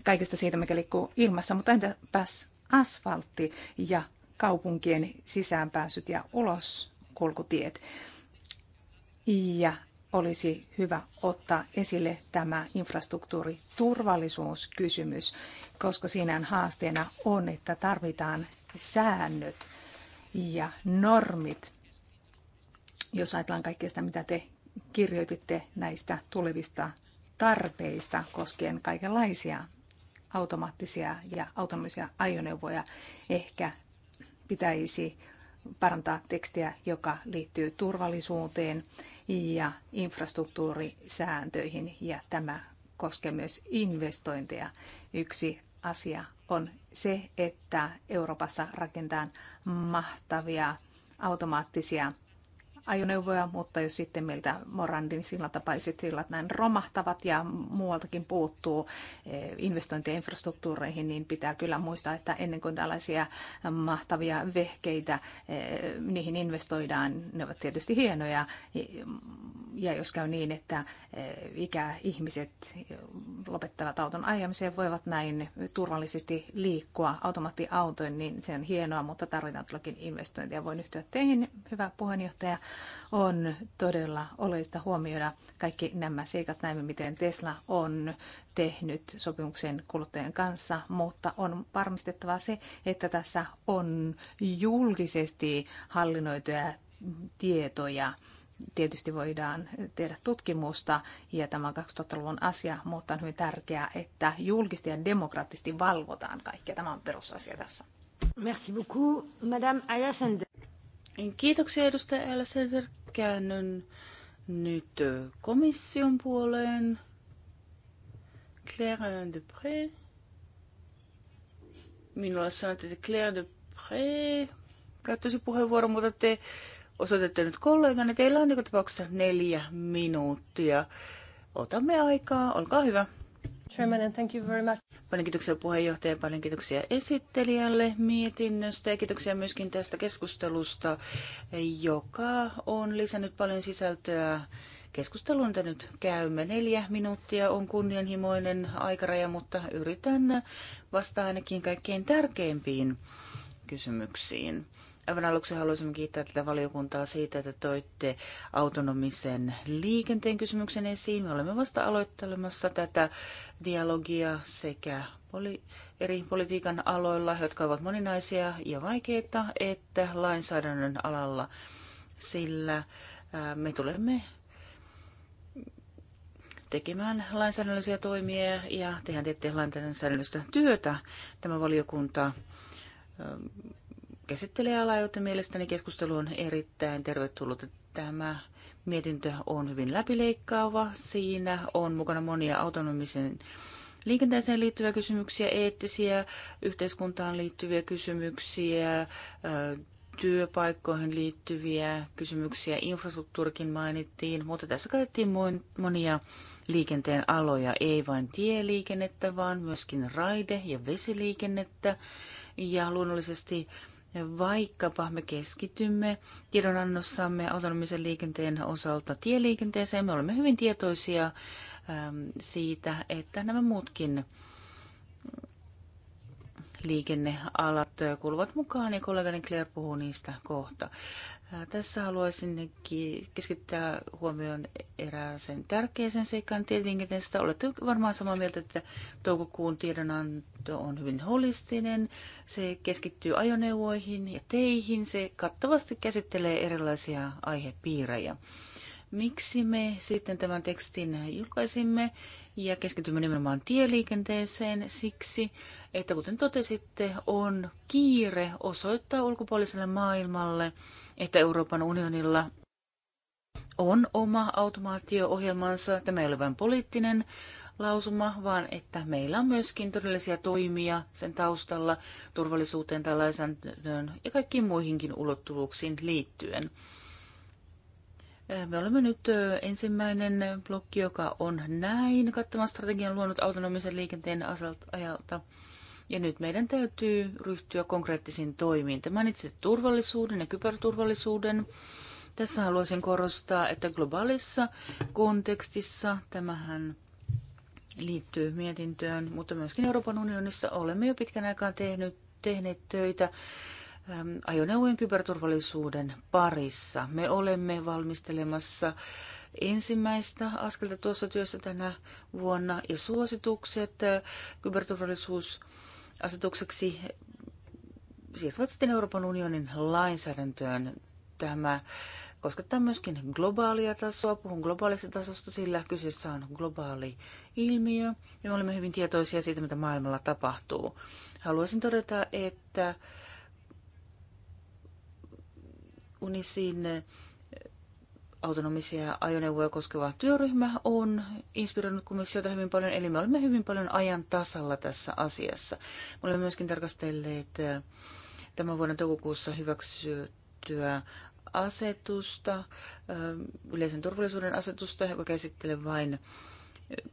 kaikesta siitä, mikä liikkuu ilmassa, mutta entäpäs asfaltti ja kaupunkien sisäänpääsyt ja uloskulkutiet. Ja olisi hyvä ottaa esille tämä infrastruktuuriturvallisuuskysymys, koska siinä haasteena on, että tarvitaan säännöt ja normit, jos ajatellaan kaikkea sitä, mitä te kirjoititte näistä tulevista tarpeista koskien kaikenlaisia automaattisia ja autonomisia ajoneuvoja. Ehkä pitäisi parantaa tekstiä, joka liittyy turvallisuuteen ja infrastruktuurisääntöihin ja tämä koskee myös investointeja. Yksi asia on se, että Euroopassa rakentaa mahtavia automaattisia ajoneuvoja, mutta jos sitten miltä Morandin sillä tapaiset sillat näin romahtavat ja muualtakin puuttuu eh, investointien infrastruktuureihin, niin pitää kyllä muistaa, että ennen kuin tällaisia mahtavia vehkeitä eh, niihin investoidaan, ne ovat tietysti hienoja. Ja jos käy niin, että eh, ikäihmiset lopettavat auton ajamiseen, voivat näin turvallisesti liikkua automaattiautoin, niin se on hienoa, mutta tarvitaan todellakin investointia. Voin yhtyä teihin, hyvä puheenjohtaja, on todella oleista huomioida kaikki nämä seikat. Näemme, miten Tesla on tehnyt sopimuksen kuluttajien kanssa, mutta on varmistettava se, että tässä on julkisesti hallinnoituja tietoja tietysti voidaan tehdä tutkimusta ja tämä on 2000-luvun asia, mutta on hyvin tärkeää, että julkisesti ja demokraattisesti valvotaan kaikkea. Tämä on perusasia tässä. Merci beaucoup, Madame Ayasende. Kiitoksia edustaja Elsäder. Käännyn nyt komission puoleen. Claire de Pré. Minulla sanottiin, että Claire de Pré käyttäisi puheenvuoron, mutta te osoitatte nyt että Teillä on joka tapauksessa neljä minuuttia. Otamme aikaa. Olkaa hyvä. Chairman, and thank you very much. Paljon kiitoksia puheenjohtaja, paljon kiitoksia esittelijälle mietinnöstä ja kiitoksia myöskin tästä keskustelusta, joka on lisännyt paljon sisältöä keskusteluun. mitä nyt käymme. Neljä minuuttia on kunnianhimoinen aikaraja, mutta yritän vastata ainakin kaikkein tärkeimpiin kysymyksiin. Aivan aluksi haluaisin kiittää tätä valiokuntaa siitä, että toitte autonomisen liikenteen kysymyksen esiin. Me olemme vasta aloittelemassa tätä dialogia sekä poli- eri politiikan aloilla, jotka ovat moninaisia ja vaikeita, että lainsäädännön alalla, sillä me tulemme tekemään lainsäädännöllisiä toimia ja tehdään tietysti lainsäädännöllistä työtä tämä valiokunta käsittelee ala, joten mielestäni keskustelu on erittäin tervetullut. Tämä mietintö on hyvin läpileikkaava. Siinä on mukana monia autonomisen liikenteeseen liittyviä kysymyksiä, eettisiä, yhteiskuntaan liittyviä kysymyksiä, työpaikkoihin liittyviä kysymyksiä, infrastruktuurikin mainittiin, mutta tässä käytettiin monia liikenteen aloja, ei vain tieliikennettä, vaan myöskin raide- ja vesiliikennettä. Ja luonnollisesti vaikkapa me keskitymme tiedonannossamme autonomisen liikenteen osalta tieliikenteeseen, me olemme hyvin tietoisia ähm, siitä, että nämä muutkin liikennealat kuuluvat mukaan ja kollegani Claire puhuu niistä kohta. Tässä haluaisin keskittää huomioon erääseen tärkeäseen seikkaan tietenkin. Tästä olette varmaan samaa mieltä, että toukokuun tiedonanto on hyvin holistinen. Se keskittyy ajoneuvoihin ja teihin. Se kattavasti käsittelee erilaisia aihepiirejä. Miksi me sitten tämän tekstin julkaisimme? ja keskitymme nimenomaan tieliikenteeseen siksi, että kuten totesitte, on kiire osoittaa ulkopuoliselle maailmalle, että Euroopan unionilla on oma automaatio-ohjelmansa. Tämä ei ole vain poliittinen lausuma, vaan että meillä on myöskin todellisia toimia sen taustalla turvallisuuteen tai lainsäädäntöön ja kaikkiin muihinkin ulottuvuuksiin liittyen. Äh, me olemme nyt ensimmäinen blokki, joka on näin kattavan strategian luonut autonomisen liikenteen ajalta. Ja nyt meidän täytyy ryhtyä konkreettisiin toimiin. Te mainitsitte turvallisuuden ja kyberturvallisuuden. Tässä haluaisin korostaa, että globaalissa kontekstissa tämähän liittyy mietintöön, mutta myöskin Euroopan unionissa olemme jo pitkän aikaa tehnyt, tehneet töitä Ähm, ajoneuvojen kyberturvallisuuden parissa. Me olemme valmistelemassa ensimmäistä askelta tuossa työssä tänä vuonna ja suositukset äh, kyberturvallisuusasetukseksi siirtyvät sitten Euroopan unionin lainsäädäntöön. Tämä koskettaa myöskin globaalia tasoa. Puhun globaalista tasosta, sillä kyseessä on globaali ilmiö ja me olemme hyvin tietoisia siitä, mitä maailmalla tapahtuu. Haluaisin todeta, että UNISin eh, autonomisia ajoneuvoja koskeva työryhmä on inspiroinut komissiota hyvin paljon, eli me olemme hyvin paljon ajan tasalla tässä asiassa. Me olemme myöskin tarkastelleet eh, tämän vuoden toukokuussa hyväksyttyä asetusta, eh, yleisen turvallisuuden asetusta, joka käsittelee vain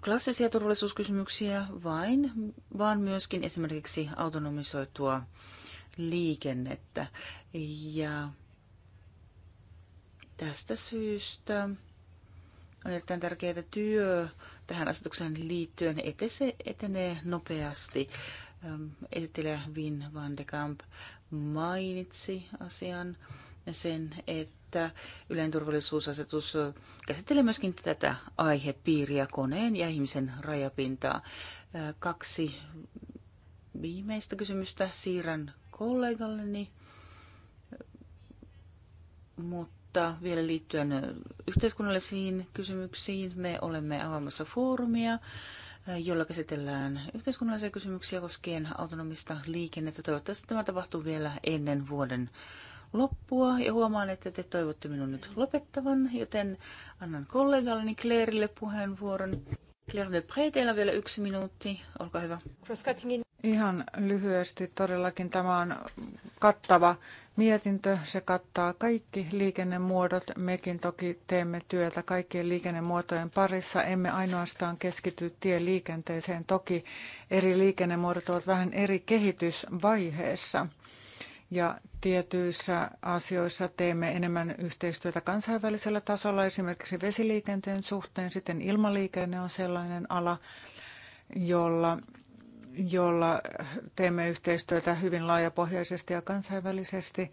klassisia turvallisuuskysymyksiä, vain, vaan myöskin esimerkiksi autonomisoitua liikennettä. Ja Tästä syystä on erittäin tärkeää, että työ tähän asetukseen liittyen etese, etenee nopeasti. Ähm, esittelijä Vin van de Kamp mainitsi asian sen, että yleinen turvallisuusasetus äh, käsittelee myöskin tätä aihepiiriä koneen ja ihmisen rajapintaa. Äh, kaksi viimeistä kysymystä siirrän kollegalleni, mutta mutta vielä liittyen yhteiskunnallisiin kysymyksiin me olemme avaamassa foorumia, jolla käsitellään yhteiskunnallisia kysymyksiä koskien autonomista liikennettä. Toivottavasti tämä tapahtuu vielä ennen vuoden loppua ja huomaan, että te toivotte minun nyt lopettavan, joten annan kollegalleni Claireille puheenvuoron. Claire teillä on vielä yksi minuutti. Olkaa hyvä. Ihan lyhyesti todellakin tämä on kattava mietintö. Se kattaa kaikki liikennemuodot. Mekin toki teemme työtä kaikkien liikennemuotojen parissa. Emme ainoastaan keskity tieliikenteeseen. Toki eri liikennemuodot ovat vähän eri kehitysvaiheessa ja tietyissä asioissa teemme enemmän yhteistyötä kansainvälisellä tasolla, esimerkiksi vesiliikenteen suhteen. Sitten ilmaliikenne on sellainen ala, jolla, jolla teemme yhteistyötä hyvin laajapohjaisesti ja kansainvälisesti.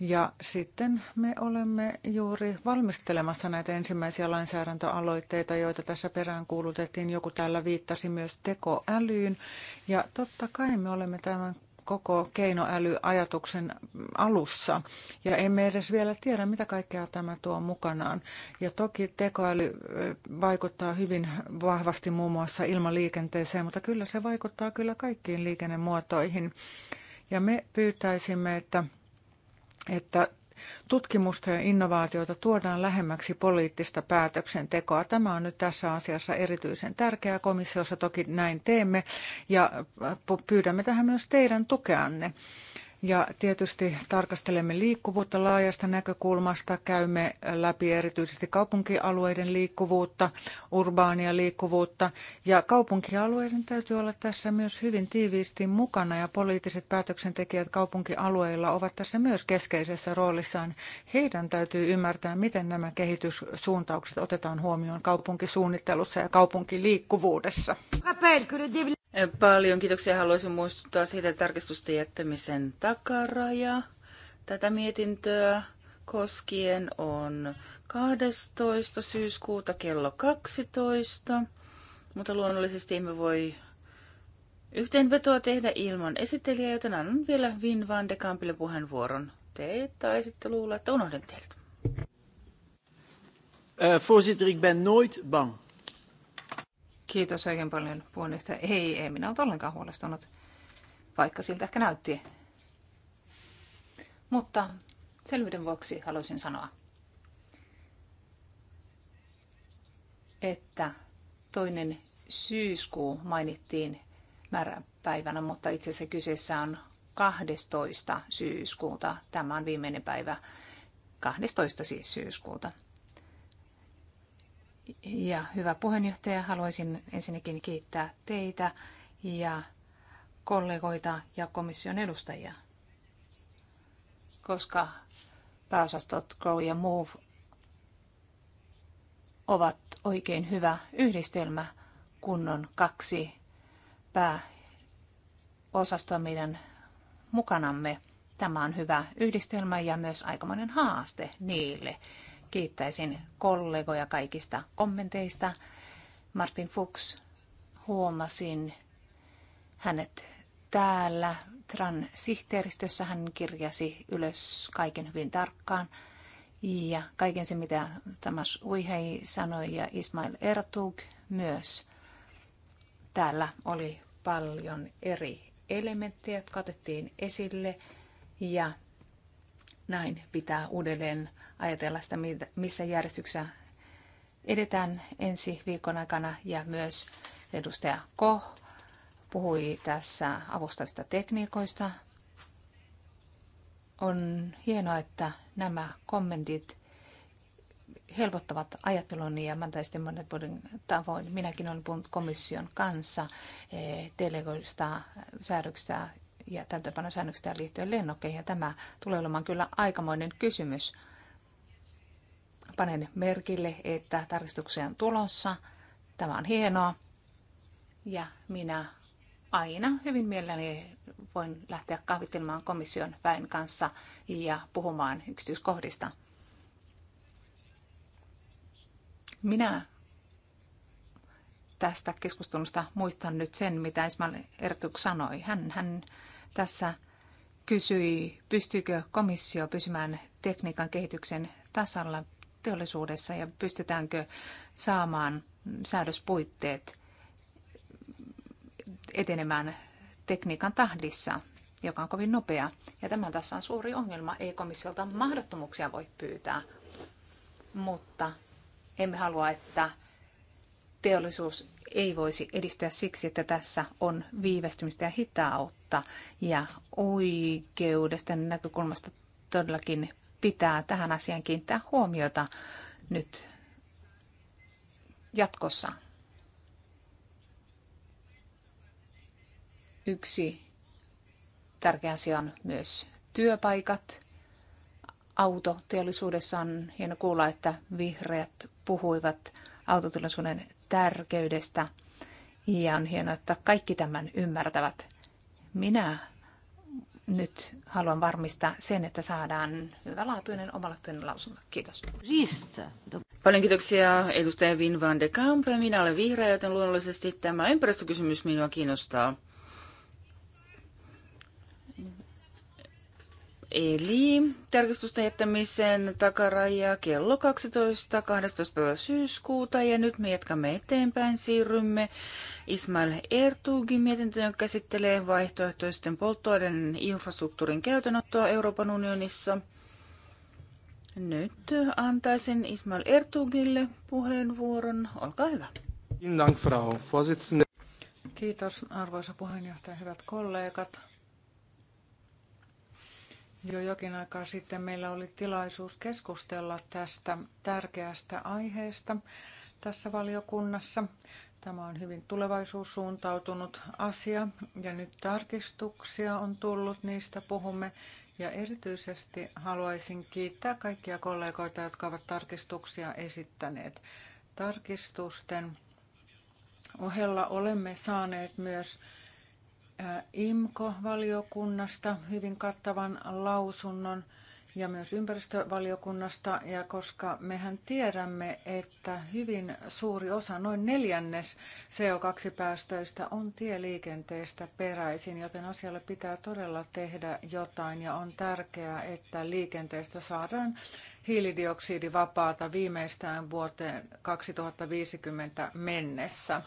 Ja sitten me olemme juuri valmistelemassa näitä ensimmäisiä lainsäädäntöaloitteita, joita tässä perään kuulutettiin. Joku täällä viittasi myös tekoälyyn. Ja totta kai me olemme tämän koko keinoälyajatuksen alussa ja emme edes vielä tiedä, mitä kaikkea tämä tuo mukanaan. Ja toki tekoäly vaikuttaa hyvin vahvasti muun muassa ilmaliikenteeseen, mutta kyllä se vaikuttaa kyllä kaikkiin liikennemuotoihin. Ja me pyytäisimme, että että tutkimusta ja innovaatiota tuodaan lähemmäksi poliittista päätöksentekoa. Tämä on nyt tässä asiassa erityisen tärkeää. Komissiossa toki näin teemme ja pyydämme tähän myös teidän tukeanne. Ja tietysti tarkastelemme liikkuvuutta laajasta näkökulmasta, käymme läpi erityisesti kaupunkialueiden liikkuvuutta, urbaania liikkuvuutta. Ja kaupunkialueiden täytyy olla tässä myös hyvin tiiviisti mukana ja poliittiset päätöksentekijät kaupunkialueilla ovat tässä myös keskeisessä roolissaan. Heidän täytyy ymmärtää, miten nämä kehityssuuntaukset otetaan huomioon kaupunkisuunnittelussa ja kaupunkiliikkuvuudessa. Paljon kiitoksia. Haluaisin muistuttaa siitä tarkistusten jättämisen takaraja. Tätä mietintöä koskien on 12. syyskuuta kello 12, mutta luonnollisesti emme voi yhteenvetoa tehdä ilman esittelijää, joten annan vielä Vin van de Kampille puheenvuoron. Te taisitte luulla, että unohdin teiltä. Uh, eh, voorzitter, ik ben nooit bang. Kiitos oikein paljon puheenjohtaja. Ei, ei minä ole ollenkaan huolestunut, vaikka siltä ehkä näytti. Mutta selvyyden vuoksi haluaisin sanoa, että toinen syyskuu mainittiin määräpäivänä, mutta itse asiassa kyseessä on 12. syyskuuta. Tämä on viimeinen päivä 12. siis syyskuuta. Ja hyvä puheenjohtaja, haluaisin ensinnäkin kiittää teitä ja kollegoita ja komission edustajia, koska pääosastot Grow ja Move ovat oikein hyvä yhdistelmä, kun on kaksi pääosastoa meidän mukanamme. Tämä on hyvä yhdistelmä ja myös aikamoinen haaste niille, Kiittäisin kollegoja kaikista kommenteista. Martin Fuchs huomasin hänet täällä Tran sihteeristössä. Hän kirjasi ylös kaiken hyvin tarkkaan. Ja kaiken se, mitä Tamas Uihei sanoi ja Ismail Ertug myös. Täällä oli paljon eri elementtejä, jotka otettiin esille ja näin pitää uudelleen ajatella sitä, missä järjestyksessä edetään ensi viikon aikana ja myös edustaja Koh puhui tässä avustavista tekniikoista. On hienoa, että nämä kommentit helpottavat ajatteluni ja Mantaisten vuoden tavoin. Minäkin olen puhunut komission kanssa eh, delegoista säädöksistä ja täytäntöpanosäännöksistä liittyen lennokkeihin. Ja tämä tulee olemaan kyllä aikamoinen kysymys. Panen merkille, että tarkistuksia on tulossa. Tämä on hienoa. Ja minä aina hyvin mielelläni voin lähteä kahvittelemaan komission väen kanssa ja puhumaan yksityiskohdista. Minä tästä keskustelusta muistan nyt sen, mitä Ismail Ertuk sanoi. Hän, hän tässä kysyi, pystyykö komissio pysymään tekniikan kehityksen tasalla teollisuudessa ja pystytäänkö saamaan säädöspuitteet etenemään tekniikan tahdissa, joka on kovin nopea. Ja tämän tässä on suuri ongelma. Ei komissiolta mahdottomuuksia voi pyytää, mutta emme halua, että teollisuus ei voisi edistyä siksi, että tässä on viivästymistä ja hitautta. Ja oikeudesta näkökulmasta todellakin pitää tähän asiaan kiinnittää huomiota nyt jatkossa. Yksi tärkeä asia on myös työpaikat. Autoteollisuudessa on hieno kuulla, että vihreät puhuivat autoteollisuuden tärkeydestä. Ja on hienoa, että kaikki tämän ymmärtävät. Minä nyt haluan varmistaa sen, että saadaan hyvälaatuinen omalaatuinen lausunto. Kiitos. Paljon kiitoksia edustaja Vin van de Kamp. Minä olen vihreä, joten luonnollisesti tämä ympäristökysymys minua kiinnostaa. Eli tarkistusten jättämisen takaraja kello 12. 12. päivä syyskuuta ja nyt me jatkamme eteenpäin. Siirrymme Ismail Ertugin mietintöön käsittelee vaihtoehtoisten polttoaineiden infrastruktuurin käytönottoa Euroopan unionissa. Nyt antaisin Ismail Ertugille puheenvuoron. Olkaa hyvä. Kiitos arvoisa puheenjohtaja, hyvät kollegat. Jo jokin aikaa sitten meillä oli tilaisuus keskustella tästä tärkeästä aiheesta tässä valiokunnassa. Tämä on hyvin tulevaisuussuuntautunut asia ja nyt tarkistuksia on tullut, niistä puhumme. Ja erityisesti haluaisin kiittää kaikkia kollegoita, jotka ovat tarkistuksia esittäneet. Tarkistusten ohella olemme saaneet myös IMKO-valiokunnasta hyvin kattavan lausunnon ja myös ympäristövaliokunnasta. Ja koska mehän tiedämme, että hyvin suuri osa, noin neljännes CO2-päästöistä on tieliikenteestä peräisin, joten asialle pitää todella tehdä jotain ja on tärkeää, että liikenteestä saadaan hiilidioksidivapaata viimeistään vuoteen 2050 mennessä.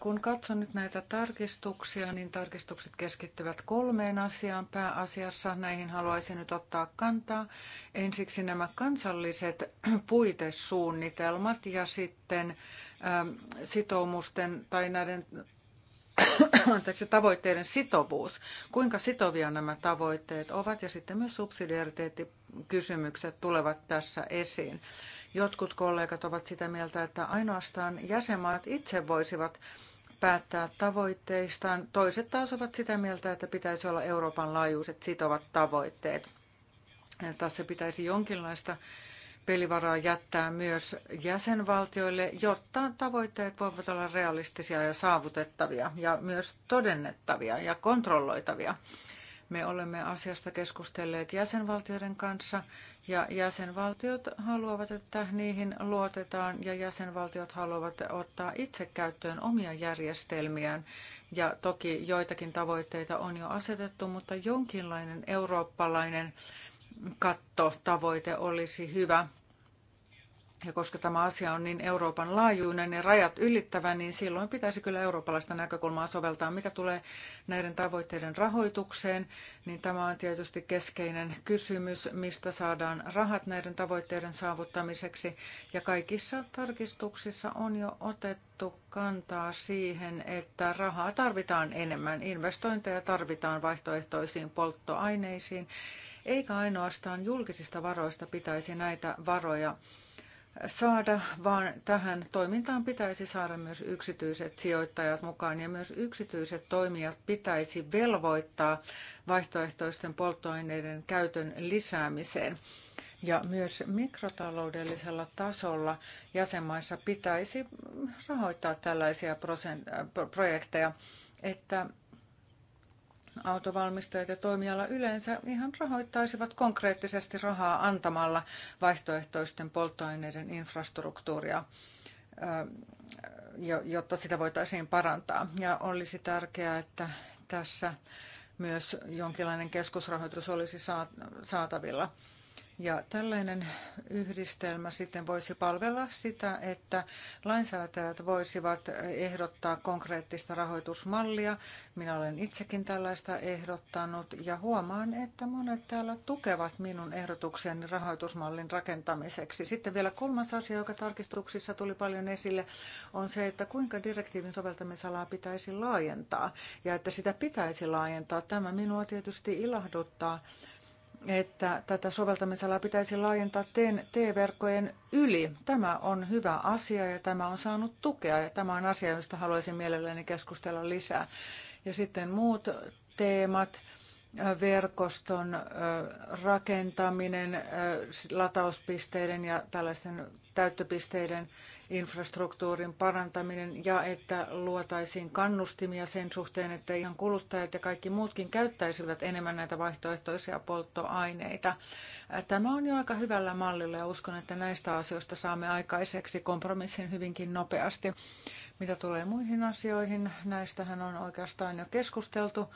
Kun katson nyt näitä tarkistuksia, niin tarkistukset keskittyvät kolmeen asiaan pääasiassa. Näihin haluaisin nyt ottaa kantaa. Ensiksi nämä kansalliset puitesuunnitelmat ja sitten ähm, sitoumusten tai näiden anteeksi, tavoitteiden sitovuus. Kuinka sitovia nämä tavoitteet ovat ja sitten myös subsidiariteettikysymykset tulevat tässä esiin. Jotkut kollegat ovat sitä mieltä, että ainoastaan jäsenmaat itse voisivat päättää tavoitteistaan. Toiset taas ovat sitä mieltä, että pitäisi olla Euroopan laajuiset sitovat tavoitteet. Ja tässä pitäisi jonkinlaista pelivaraa jättää myös jäsenvaltioille, jotta tavoitteet voivat olla realistisia ja saavutettavia ja myös todennettavia ja kontrolloitavia. Me olemme asiasta keskustelleet jäsenvaltioiden kanssa ja jäsenvaltiot haluavat, että niihin luotetaan ja jäsenvaltiot haluavat ottaa itse käyttöön omia järjestelmiään. Ja toki joitakin tavoitteita on jo asetettu, mutta jonkinlainen eurooppalainen kattotavoite olisi hyvä ja koska tämä asia on niin Euroopan laajuinen ja rajat ylittävä, niin silloin pitäisi kyllä eurooppalaista näkökulmaa soveltaa. Mitä tulee näiden tavoitteiden rahoitukseen, niin tämä on tietysti keskeinen kysymys, mistä saadaan rahat näiden tavoitteiden saavuttamiseksi. Ja kaikissa tarkistuksissa on jo otettu kantaa siihen, että rahaa tarvitaan enemmän, investointeja tarvitaan vaihtoehtoisiin polttoaineisiin, eikä ainoastaan julkisista varoista pitäisi näitä varoja saada, vaan tähän toimintaan pitäisi saada myös yksityiset sijoittajat mukaan ja myös yksityiset toimijat pitäisi velvoittaa vaihtoehtoisten polttoaineiden käytön lisäämiseen. Ja myös mikrotaloudellisella tasolla jäsenmaissa pitäisi rahoittaa tällaisia projekteja, että autovalmistajat ja toimiala yleensä ihan rahoittaisivat konkreettisesti rahaa antamalla vaihtoehtoisten polttoaineiden infrastruktuuria, jotta sitä voitaisiin parantaa. Ja olisi tärkeää, että tässä myös jonkinlainen keskusrahoitus olisi saatavilla. Ja tällainen yhdistelmä sitten voisi palvella sitä, että lainsäätäjät voisivat ehdottaa konkreettista rahoitusmallia. Minä olen itsekin tällaista ehdottanut ja huomaan, että monet täällä tukevat minun ehdotukseni rahoitusmallin rakentamiseksi. Sitten vielä kolmas asia, joka tarkistuksissa tuli paljon esille, on se, että kuinka direktiivin soveltamisalaa pitäisi laajentaa ja että sitä pitäisi laajentaa. Tämä minua tietysti ilahduttaa että tätä soveltamisalaa pitäisi laajentaa T-verkkojen yli. Tämä on hyvä asia ja tämä on saanut tukea ja tämä on asia, josta haluaisin mielelläni keskustella lisää. Ja sitten muut teemat, äh, verkoston äh, rakentaminen, äh, latauspisteiden ja tällaisten täyttöpisteiden infrastruktuurin parantaminen ja että luotaisiin kannustimia sen suhteen, että ihan kuluttajat ja kaikki muutkin käyttäisivät enemmän näitä vaihtoehtoisia polttoaineita. Tämä on jo aika hyvällä mallilla ja uskon, että näistä asioista saamme aikaiseksi kompromissin hyvinkin nopeasti. Mitä tulee muihin asioihin, näistähän on oikeastaan jo keskusteltu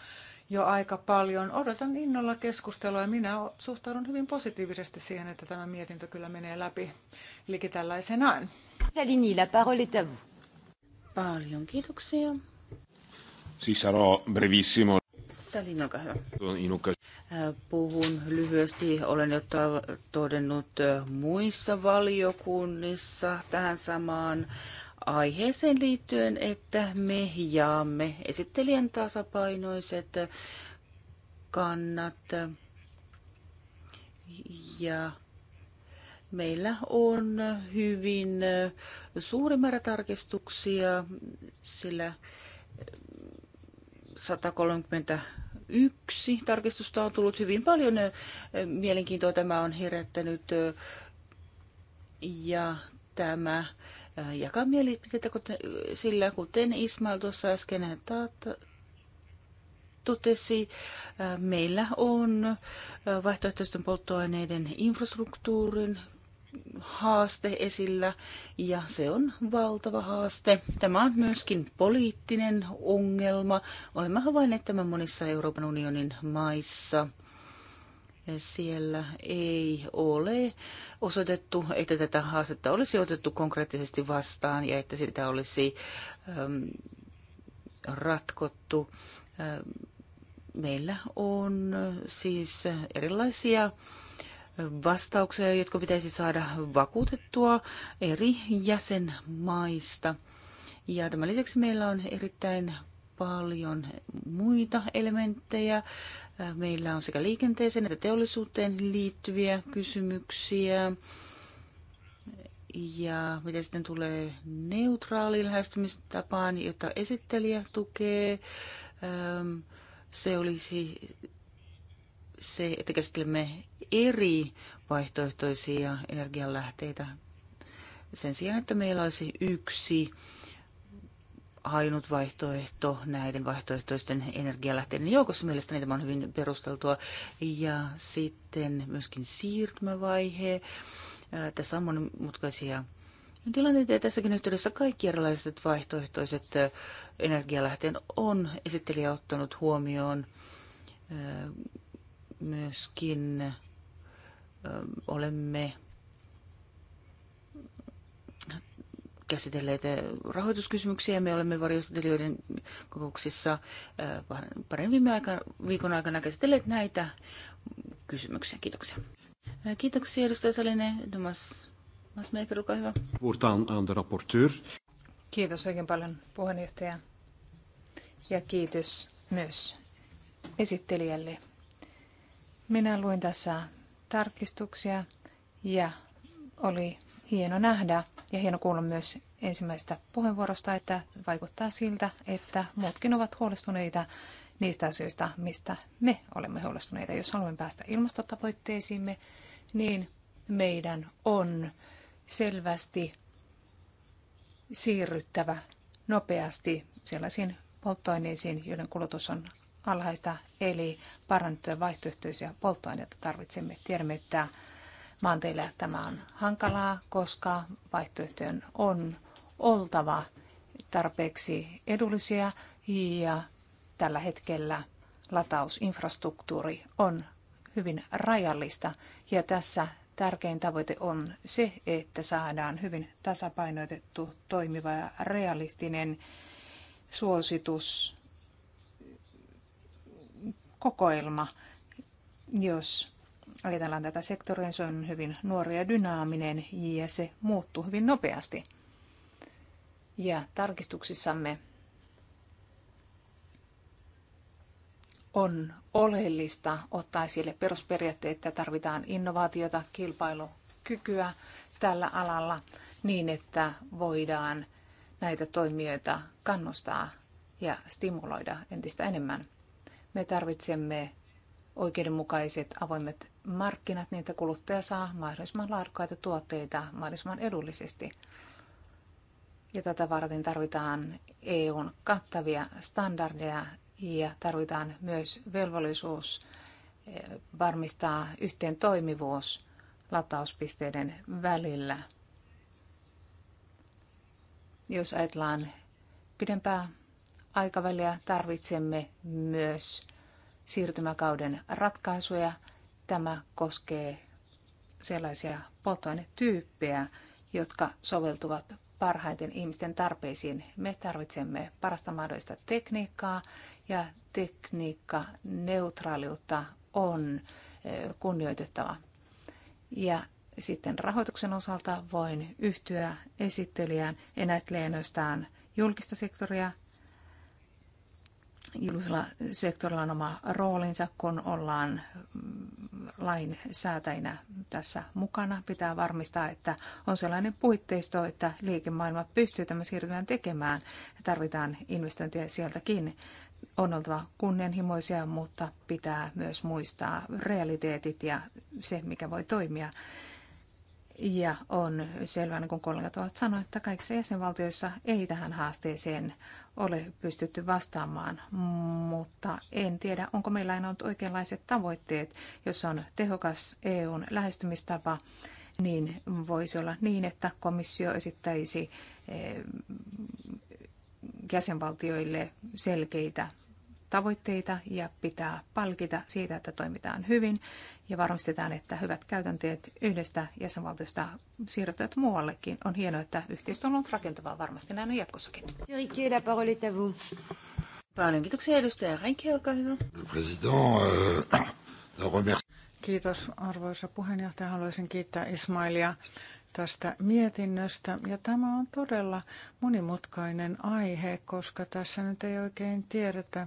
jo aika paljon. Odotan innolla keskustelua ja minä suhtaudun hyvin positiivisesti siihen, että tämä mietintö kyllä menee läpi liki tällaisenaan. Salini, la parole est à vous. Paljon kiitoksia. Si sarò brevissimo. Salin, olkaa hyvä. Äh, puhun lyhyesti. Olen jo todennut äh, muissa valiokunnissa tähän samaan aiheeseen liittyen, että me jaamme esittelijän tasapainoiset kannat. Ja meillä on hyvin suuri määrä tarkistuksia, sillä 131 tarkistusta on tullut hyvin paljon. Mielenkiintoa tämä on herättänyt ja tämä Äh, jakaa mielipiteitä, äh, sillä kuten Ismail tuossa äsken totesi, äh, meillä on vaihtoehtoisten polttoaineiden infrastruktuurin haaste esillä ja se on valtava haaste. Tämä on myöskin poliittinen ongelma. Olemme havainneet tämän monissa Euroopan unionin maissa. Siellä ei ole osoitettu, että tätä haastetta olisi otettu konkreettisesti vastaan ja että sitä olisi ähm, ratkottu. Ähm, meillä on siis erilaisia vastauksia, jotka pitäisi saada vakuutettua eri jäsenmaista. Ja tämän lisäksi meillä on erittäin paljon muita elementtejä, Meillä on sekä liikenteeseen että teollisuuteen liittyviä kysymyksiä. Ja mitä sitten tulee neutraaliin lähestymistapaan, jota esittelijä tukee, se olisi se, että käsittelemme eri vaihtoehtoisia energianlähteitä sen sijaan, että meillä olisi yksi ainut vaihtoehto näiden vaihtoehtoisten energialähteiden joukossa. Mielestäni tämä on hyvin perusteltua. Ja sitten myöskin siirtymävaihe. Tässä on monimutkaisia tilanteita ja tässäkin yhteydessä kaikki erilaiset vaihtoehtoiset energialähteet on esittelijä ottanut huomioon myöskin olemme käsitelleet eh, rahoituskysymyksiä. Me olemme varjostelijoiden kokouksissa eh, parin viime aikana, viikon aikana käsitelleet näitä kysymyksiä. Kiitoksia. Eh, kiitoksia edustaja Salinen. Domas Masmaker, olkaa hyvä. Kiitos oikein paljon puheenjohtaja ja kiitos myös esittelijälle. Minä luin tässä tarkistuksia ja oli hieno nähdä, ja hieno kuulla myös ensimmäisestä puheenvuorosta, että vaikuttaa siltä, että muutkin ovat huolestuneita niistä asioista, mistä me olemme huolestuneita. Jos haluamme päästä ilmastotavoitteisiimme, niin meidän on selvästi siirryttävä nopeasti sellaisiin polttoaineisiin, joiden kulutus on alhaista, eli parannettuja vaihtoehtoisia polttoaineita tarvitsemme. Tiedämme, että maanteillä tämä on hankalaa, koska vaihtoehtojen on oltava tarpeeksi edullisia ja tällä hetkellä latausinfrastruktuuri on hyvin rajallista ja tässä tärkein tavoite on se, että saadaan hyvin tasapainotettu, toimiva ja realistinen suositus kokoelma, jos ajatellaan tätä sektoria, se on hyvin nuori ja dynaaminen ja se muuttuu hyvin nopeasti. Ja tarkistuksissamme on oleellista ottaa esille perusperiaatteet, että tarvitaan innovaatiota, kilpailukykyä tällä alalla niin, että voidaan näitä toimijoita kannustaa ja stimuloida entistä enemmän. Me tarvitsemme oikeudenmukaiset avoimet markkinat, niin että kuluttaja saa mahdollisimman laadukkaita tuotteita mahdollisimman edullisesti. Ja tätä varten tarvitaan EUn kattavia standardeja ja tarvitaan myös velvollisuus eh, varmistaa yhteen toimivuus latauspisteiden välillä. Jos ajatellaan pidempää aikaväliä, tarvitsemme myös siirtymäkauden ratkaisuja – Tämä koskee sellaisia polttoainetyyppejä, jotka soveltuvat parhaiten ihmisten tarpeisiin. Me tarvitsemme parasta mahdollista tekniikkaa ja tekniikka neutraaliutta on kunnioitettava. Ja sitten rahoituksen osalta voin yhtyä esittelijään. En julkista sektoria, julkisella sektorilla on oma roolinsa, kun ollaan mm, lainsäätäjinä tässä mukana. Pitää varmistaa, että on sellainen puitteisto, että liikemaailma pystyy tämän siirtymään tekemään. Tarvitaan investointia sieltäkin. On oltava kunnianhimoisia, mutta pitää myös muistaa realiteetit ja se, mikä voi toimia. Ja on selvää, niin kuin kollegat ovat sanoneet, että kaikissa jäsenvaltioissa ei tähän haasteeseen ole pystytty vastaamaan, mutta en tiedä, onko meillä aina ollut oikeanlaiset tavoitteet, jos on tehokas EUn lähestymistapa, niin voisi olla niin, että komissio esittäisi eh, jäsenvaltioille selkeitä tavoitteita ja pitää palkita siitä, että toimitaan hyvin ja varmistetaan, että hyvät käytänteet yhdestä jäsenvaltiosta siirretään muuallekin. On hienoa, että yhteistyö on ollut rakentavaa varmasti näin on jatkossakin. Paljon kiitoksia edustaja Reinke, olkaa hyvä. Euh, Kiitos arvoisa puheenjohtaja. Haluaisin kiittää Ismailia tästä mietinnöstä. Ja tämä on todella monimutkainen aihe, koska tässä nyt ei oikein tiedetä,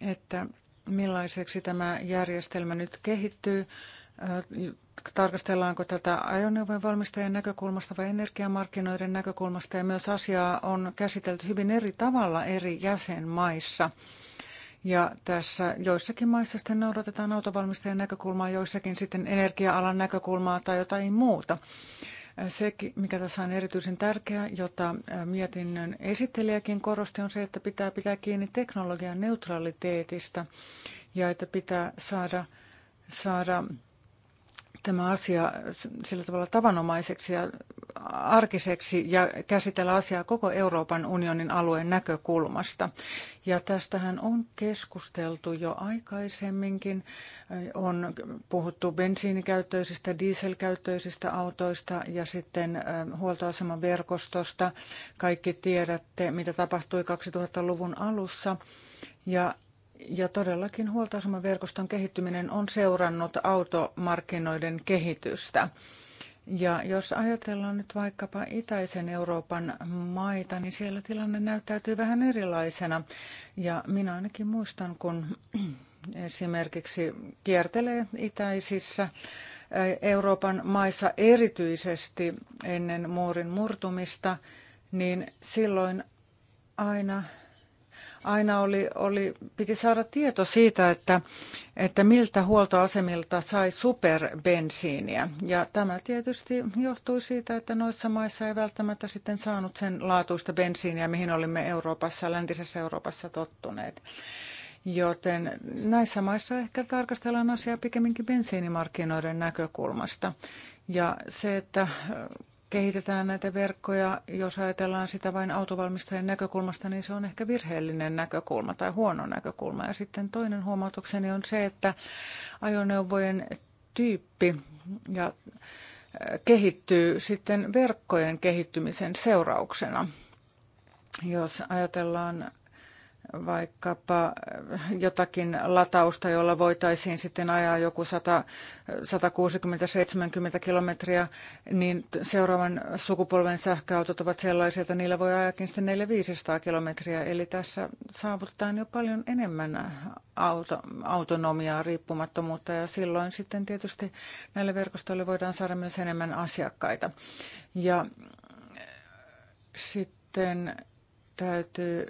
että millaiseksi tämä järjestelmä nyt kehittyy. Tarkastellaanko tätä ajoneuvojen valmistajien näkökulmasta vai energiamarkkinoiden näkökulmasta ja myös asiaa on käsitelty hyvin eri tavalla eri jäsenmaissa. Ja tässä joissakin maissa sitten noudatetaan autovalmistajan näkökulmaa, joissakin sitten energia-alan näkökulmaa tai jotain muuta. Se, mikä tässä on erityisen tärkeää, jota mietinnön esittelijäkin korosti, on se, että pitää pitää kiinni teknologian neutraliteetista ja että pitää saada, saada tämä asia sillä tavalla tavanomaiseksi ja arkiseksi ja käsitellä asiaa koko Euroopan unionin alueen näkökulmasta. Ja tästähän on keskusteltu jo aikaisemminkin. On puhuttu bensiinikäyttöisistä, dieselkäyttöisistä autoista ja sitten huoltoasemaverkostosta. Kaikki tiedätte, mitä tapahtui 2000-luvun alussa. Ja ja todellakin huoltoasemaverkoston kehittyminen on seurannut automarkkinoiden kehitystä. Ja jos ajatellaan nyt vaikkapa itäisen Euroopan maita, niin siellä tilanne näyttäytyy vähän erilaisena. Ja minä ainakin muistan, kun esimerkiksi kiertelee itäisissä Euroopan maissa erityisesti ennen muurin murtumista, niin silloin aina aina oli, oli, piti saada tieto siitä, että, että miltä huoltoasemilta sai superbensiiniä. Ja tämä tietysti johtui siitä, että noissa maissa ei välttämättä sitten saanut sen laatuista bensiiniä, mihin olimme Euroopassa, läntisessä Euroopassa tottuneet. Joten näissä maissa ehkä tarkastellaan asiaa pikemminkin bensiinimarkkinoiden näkökulmasta. Ja se, että kehitetään näitä verkkoja, jos ajatellaan sitä vain autovalmistajan näkökulmasta, niin se on ehkä virheellinen näkökulma tai huono näkökulma. Ja sitten toinen huomautukseni on se, että ajoneuvojen tyyppi ja äh, kehittyy sitten verkkojen kehittymisen seurauksena. Jos ajatellaan vaikkapa jotakin latausta, jolla voitaisiin sitten ajaa joku 160-70 kilometriä, niin seuraavan sukupolven sähköautot ovat sellaisia, että niillä voi ajakin sitten 400-500 kilometriä. Eli tässä saavutetaan jo paljon enemmän auto, autonomiaa, riippumattomuutta ja silloin sitten tietysti näille verkostoille voidaan saada myös enemmän asiakkaita. Ja sitten täytyy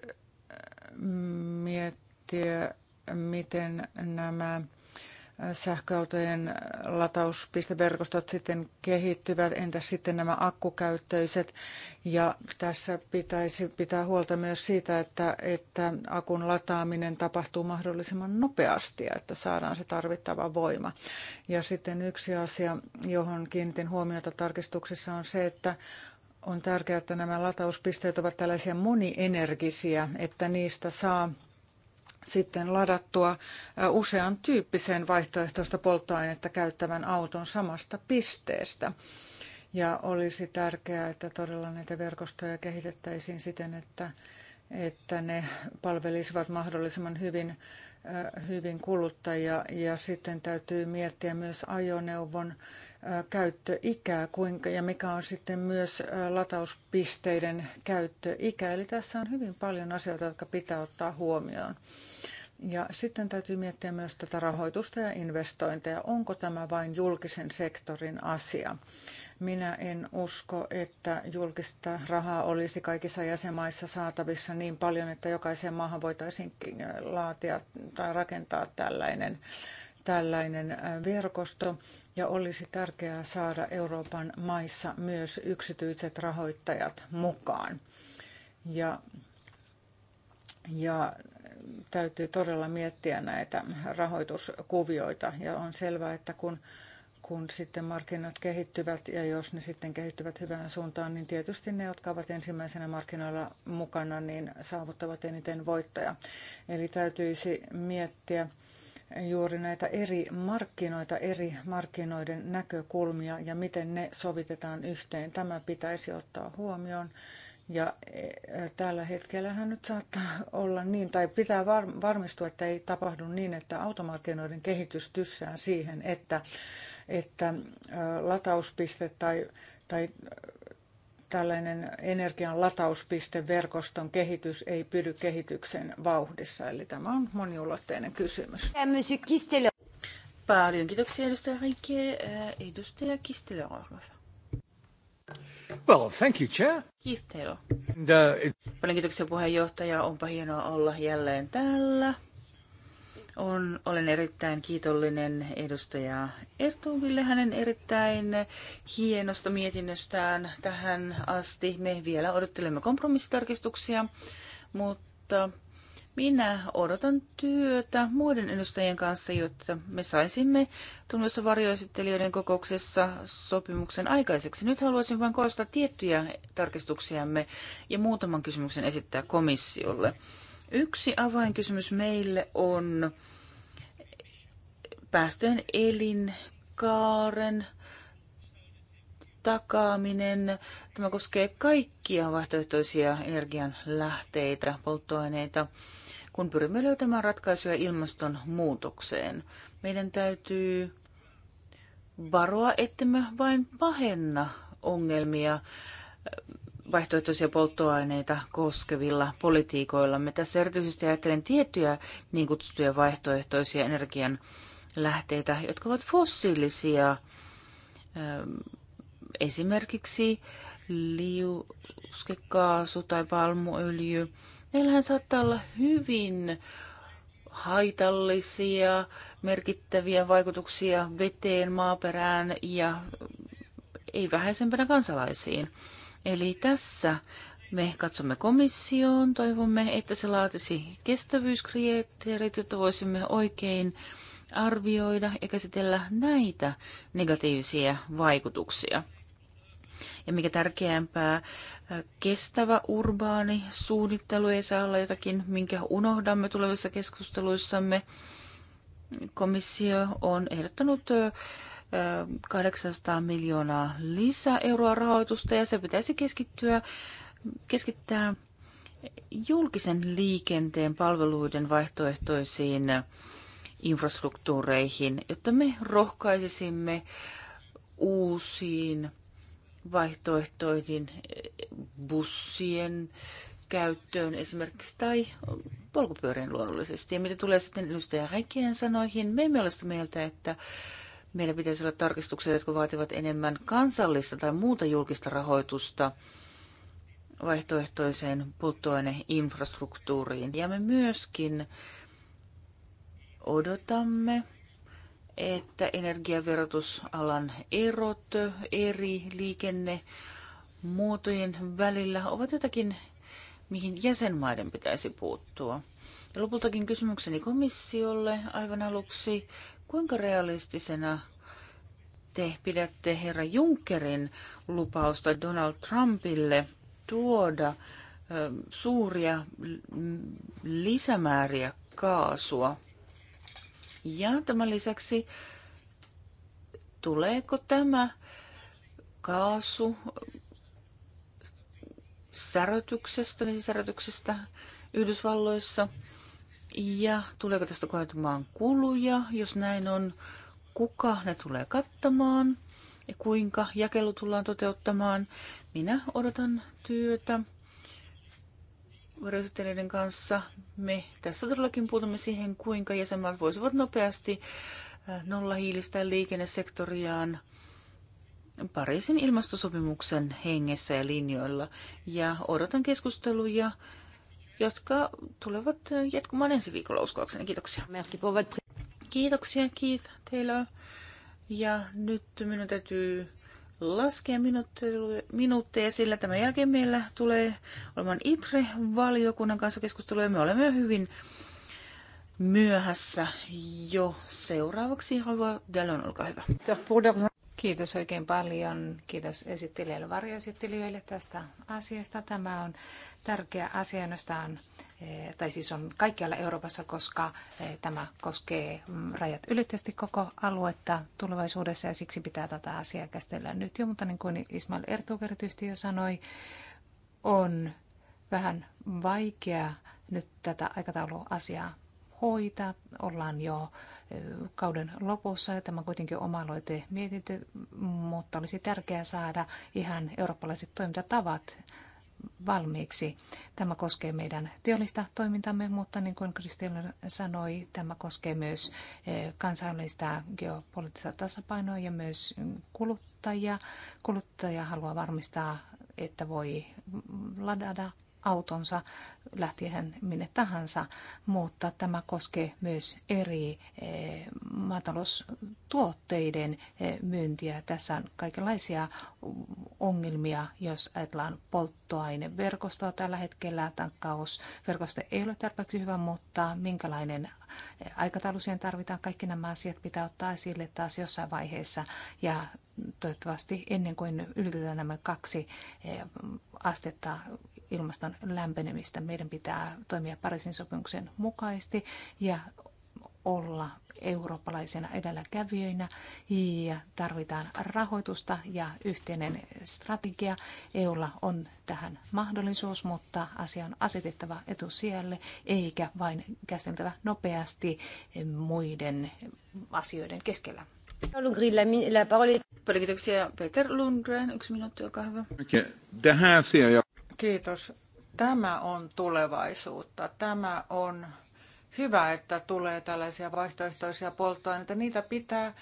miettiä, miten nämä sähköautojen latauspisteverkostot sitten kehittyvät, entä sitten nämä akkukäyttöiset. Ja tässä pitäisi pitää huolta myös siitä, että, että akun lataaminen tapahtuu mahdollisimman nopeasti ja että saadaan se tarvittava voima. Ja sitten yksi asia, johon kiinnitin huomiota tarkistuksissa on se, että on tärkeää, että nämä latauspisteet ovat tällaisia monienergisiä, että niistä saa sitten ladattua usean tyyppisen vaihtoehtoista polttoainetta käyttävän auton samasta pisteestä. Ja olisi tärkeää, että todella näitä verkostoja kehitettäisiin siten, että, että ne palvelisivat mahdollisimman hyvin, hyvin kuluttajia. Ja sitten täytyy miettiä myös ajoneuvon käyttöikää kuinka, ja mikä on sitten myös latauspisteiden käyttöikä. Eli tässä on hyvin paljon asioita, jotka pitää ottaa huomioon. Ja sitten täytyy miettiä myös tätä rahoitusta ja investointeja. Onko tämä vain julkisen sektorin asia? Minä en usko, että julkista rahaa olisi kaikissa jäsenmaissa saatavissa niin paljon, että jokaiseen maahan voitaisiin äh, laatia tai rakentaa tällainen äh, tällainen äh, verkosto ja olisi tärkeää saada Euroopan maissa myös yksityiset rahoittajat mukaan. Ja, ja täytyy todella miettiä näitä rahoituskuvioita ja on selvää, että kun kun sitten markkinat kehittyvät ja jos ne sitten kehittyvät hyvään suuntaan, niin tietysti ne, jotka ovat ensimmäisenä markkinoilla mukana, niin saavuttavat eniten voittaja Eli täytyisi miettiä juuri näitä eri markkinoita, eri markkinoiden näkökulmia ja miten ne sovitetaan yhteen. Tämä pitäisi ottaa huomioon. Ja e, e, tällä hetkellähän nyt saattaa olla niin, tai pitää varmistua, että ei tapahdu niin, että automarkkinoiden kehitys tyssään siihen, että, että latauspiste tai, tai tällainen energian latauspisteverkoston kehitys ei pydy kehityksen vauhdissa. Eli tämä on moniulotteinen kysymys. Paljon kiitoksia edustaja Rike. Äh, edustaja Kistelö, Well, thank you, Chair. Kiitos. uh, it... Paljon kiitoksia puheenjohtaja. Onpa hienoa olla jälleen täällä. On, olen erittäin kiitollinen edustaja Ertuville hänen erittäin hienosta mietinnöstään tähän asti. Me vielä odottelemme kompromissitarkistuksia, mutta minä odotan työtä muiden edustajien kanssa, jotta me saisimme tunnissa varjoesittelijöiden kokouksessa sopimuksen aikaiseksi. Nyt haluaisin vain korostaa tiettyjä tarkistuksiamme ja muutaman kysymyksen esittää komissiolle. Yksi avainkysymys meille on päästöjen elinkaaren takaaminen. Tämä koskee kaikkia vaihtoehtoisia energianlähteitä, polttoaineita, kun pyrimme löytämään ratkaisuja ilmastonmuutokseen. Meidän täytyy varoa, ettemme vain pahenna ongelmia vaihtoehtoisia polttoaineita koskevilla Me Tässä erityisesti ajattelen tiettyjä niin kutsuttuja vaihtoehtoisia energian lähteitä, jotka ovat fossiilisia. Esimerkiksi liuskekaasu tai palmuöljy. Näillähän saattaa olla hyvin haitallisia, merkittäviä vaikutuksia veteen, maaperään ja ei vähäisempänä kansalaisiin. Eli tässä me katsomme komissioon, toivomme, että se laatisi kestävyyskriteerit, jotta voisimme oikein arvioida ja käsitellä näitä negatiivisia vaikutuksia. Ja mikä tärkeämpää, kestävä urbaani suunnittelu ei saa olla jotakin, minkä unohdamme tulevissa keskusteluissamme. Komissio on ehdottanut 800 miljoonaa lisää euroa rahoitusta ja se pitäisi keskittyä, keskittää julkisen liikenteen palveluiden vaihtoehtoisiin infrastruktuureihin, jotta me rohkaisisimme uusiin vaihtoehtoihin bussien käyttöön esimerkiksi tai polkupyörien luonnollisesti. Ja mitä tulee sitten edustaja Räkien sanoihin, me emme ole sitä mieltä, että Meillä pitäisi olla tarkistuksia, jotka vaativat enemmän kansallista tai muuta julkista rahoitusta vaihtoehtoiseen polttoaineinfrastruktuuriin. Ja me myöskin odotamme, että energiaverotusalan erot eri liikennemuotojen välillä ovat jotakin, mihin jäsenmaiden pitäisi puuttua. Ja lopultakin kysymykseni komissiolle aivan aluksi. Kuinka realistisena te pidätte herra Junckerin lupausta Donald Trumpille tuoda suuria lisämääriä kaasua? Ja tämän lisäksi, tuleeko tämä kaasu särötyksestä, vesisärötyksestä Yhdysvalloissa – ja tuleeko tästä koitumaan kuluja? Jos näin on, kuka ne tulee kattamaan ja kuinka jakelu tullaan toteuttamaan? Minä odotan työtä varjoesittelijöiden kanssa. Me tässä todellakin puutumme siihen, kuinka jäsenmaat voisivat nopeasti nolla äh, nollahiilistää liikennesektoriaan Pariisin ilmastosopimuksen hengessä ja linjoilla. Ja odotan keskusteluja jotka tulevat jatkumaan ensi viikolla uskoakseni. Kiitoksia. Merci pour votre... Kiitoksia Keith Taylor. Ja nyt minun täytyy laskea minuutteja, sillä tämän jälkeen meillä tulee olemaan ITRE-valiokunnan kanssa keskustelua. Me olemme hyvin myöhässä jo. Seuraavaksi Rova Dallon, olkaa hyvä. Kiitos oikein paljon. Kiitos esittelijöille varjoesittelijöille tästä asiasta. Tämä on tärkeä asia, josta on, eh, tai siis on kaikkialla Euroopassa, koska eh, tämä koskee mm, rajat ylittävästi koko aluetta tulevaisuudessa ja siksi pitää tätä asiaa käsitellä nyt jo. Mutta niin kuin Ismail Ertug erityisesti jo sanoi, on vähän vaikea nyt tätä aikatauluasiaa hoitaa. Ollaan jo kauden lopussa. Tämä on kuitenkin oma mietintö, mutta olisi tärkeää saada ihan eurooppalaiset toimintatavat valmiiksi. Tämä koskee meidän teollista toimintamme, mutta niin kuin Kristian sanoi, tämä koskee myös eh, kansainvälistä geopoliittista tasapainoa ja myös kuluttajia. Kuluttaja haluaa varmistaa, että voi ladata autonsa lähti hän minne tahansa, mutta tämä koskee myös eri eh, maataloustuotteiden eh, myyntiä. Tässä on kaikenlaisia ongelmia, jos ajatellaan polttoaineverkostoa tällä hetkellä. Tankkausverkosto ei ole tarpeeksi hyvä, mutta minkälainen eh, aikataulu siihen tarvitaan. Kaikki nämä asiat pitää ottaa esille taas jossain vaiheessa ja toivottavasti ennen kuin ylitetään nämä kaksi astetta ilmaston lämpenemistä. Meidän pitää toimia Pariisin sopimuksen mukaisesti ja olla eurooppalaisena edelläkävijöinä ja tarvitaan rahoitusta ja yhteinen strategia. EUlla on tähän mahdollisuus, mutta asia on asetettava etu siellä, eikä vain käsiteltävä nopeasti muiden asioiden keskellä. Paljon kiitoksia Peter Lundgren. Yksi minuutti, olkaa hyvä. Okei, okay. tähän asiaan Kiitos. Tämä on tulevaisuutta. Tämä on hyvä, että tulee tällaisia vaihtoehtoisia polttoaineita. Niitä pitää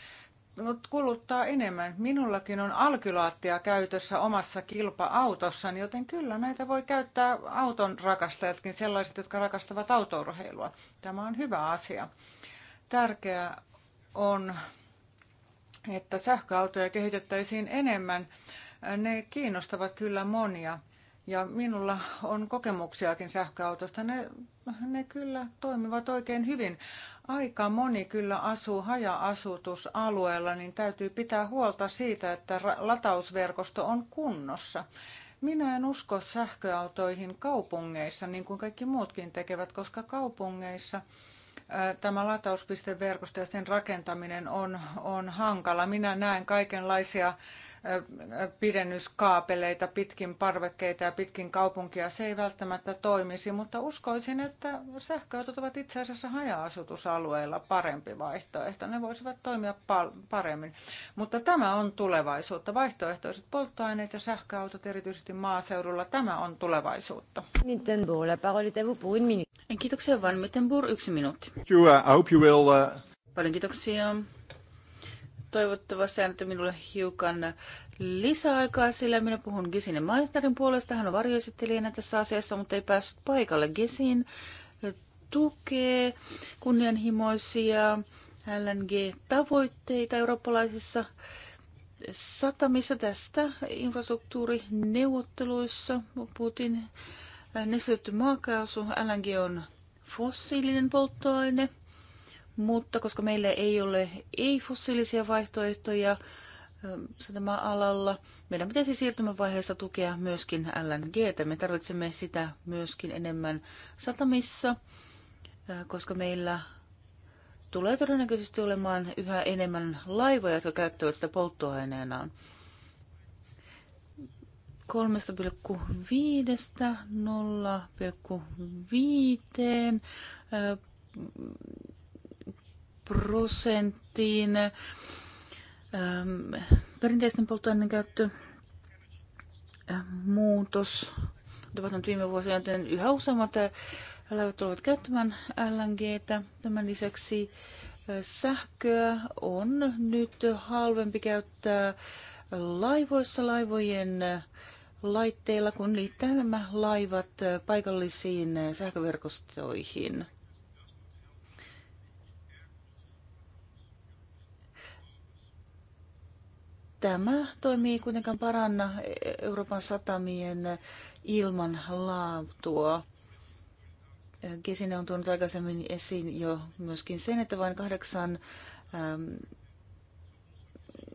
kuluttaa enemmän. Minullakin on alkylaattia käytössä omassa kilpa-autossani, joten kyllä näitä voi käyttää auton rakastajatkin, sellaiset, jotka rakastavat autourheilua. Tämä on hyvä asia. Tärkeää on, että sähköautoja kehitettäisiin enemmän. Ne kiinnostavat kyllä monia. Ja minulla on kokemuksiakin sähköautosta. Ne, ne kyllä toimivat oikein hyvin. Aika moni kyllä asuu haja-asutusalueella, niin täytyy pitää huolta siitä, että latausverkosto on kunnossa. Minä en usko sähköautoihin kaupungeissa, niin kuin kaikki muutkin tekevät, koska kaupungeissa tämä latauspisteverkosto ja sen rakentaminen on, on hankala. Minä näen kaikenlaisia pidennyskaapeleita pitkin parvekkeita ja pitkin kaupunkia. Se ei välttämättä toimisi, mutta uskoisin, että sähköautot ovat itse asiassa haja-asutusalueilla parempi vaihtoehto. Ne voisivat toimia paremmin. Mutta tämä on tulevaisuutta. Vaihtoehtoiset polttoaineet ja sähköautot erityisesti maaseudulla, tämä on tulevaisuutta. Kiitoksia, Mittenburg, yksi minuutti. Uh, uh, Paljon kiitoksia toivottavasti annatte minulle hiukan lisäaikaa, sillä minä puhun Gesinen maisterin puolesta. Hän on varjoesittelijänä tässä asiassa, mutta ei päässyt paikalle. Gesin tukee kunnianhimoisia LNG-tavoitteita eurooppalaisissa satamissa tästä infrastruktuurineuvotteluissa. Putin nesteytty maakaasu, LNG on fossiilinen polttoaine – mutta koska meillä ei ole ei-fossiilisia vaihtoehtoja ähm, tämä alalla meidän pitäisi siirtymävaiheessa tukea myöskin LNGtä. Me tarvitsemme sitä myöskin enemmän satamissa, äh, koska meillä tulee todennäköisesti olemaan yhä enemmän laivoja, jotka käyttävät sitä polttoaineenaan. 3,5-0,5 äh, prosenttiin. Ähm, perinteisten polttoaineiden käyttö äh, muutos on viime vuosina, joten yhä useammat äh, laivat tulevat käyttämään LNGtä. Tämän lisäksi äh, sähköä on nyt halvempi käyttää laivoissa laivojen laitteilla, kun liittää nämä laivat paikallisiin sähköverkostoihin. Tämä toimii kuitenkaan paranna Euroopan satamien ilman laatua. Kesine on tuonut aikaisemmin esiin jo myöskin sen, että vain kahdeksan äm,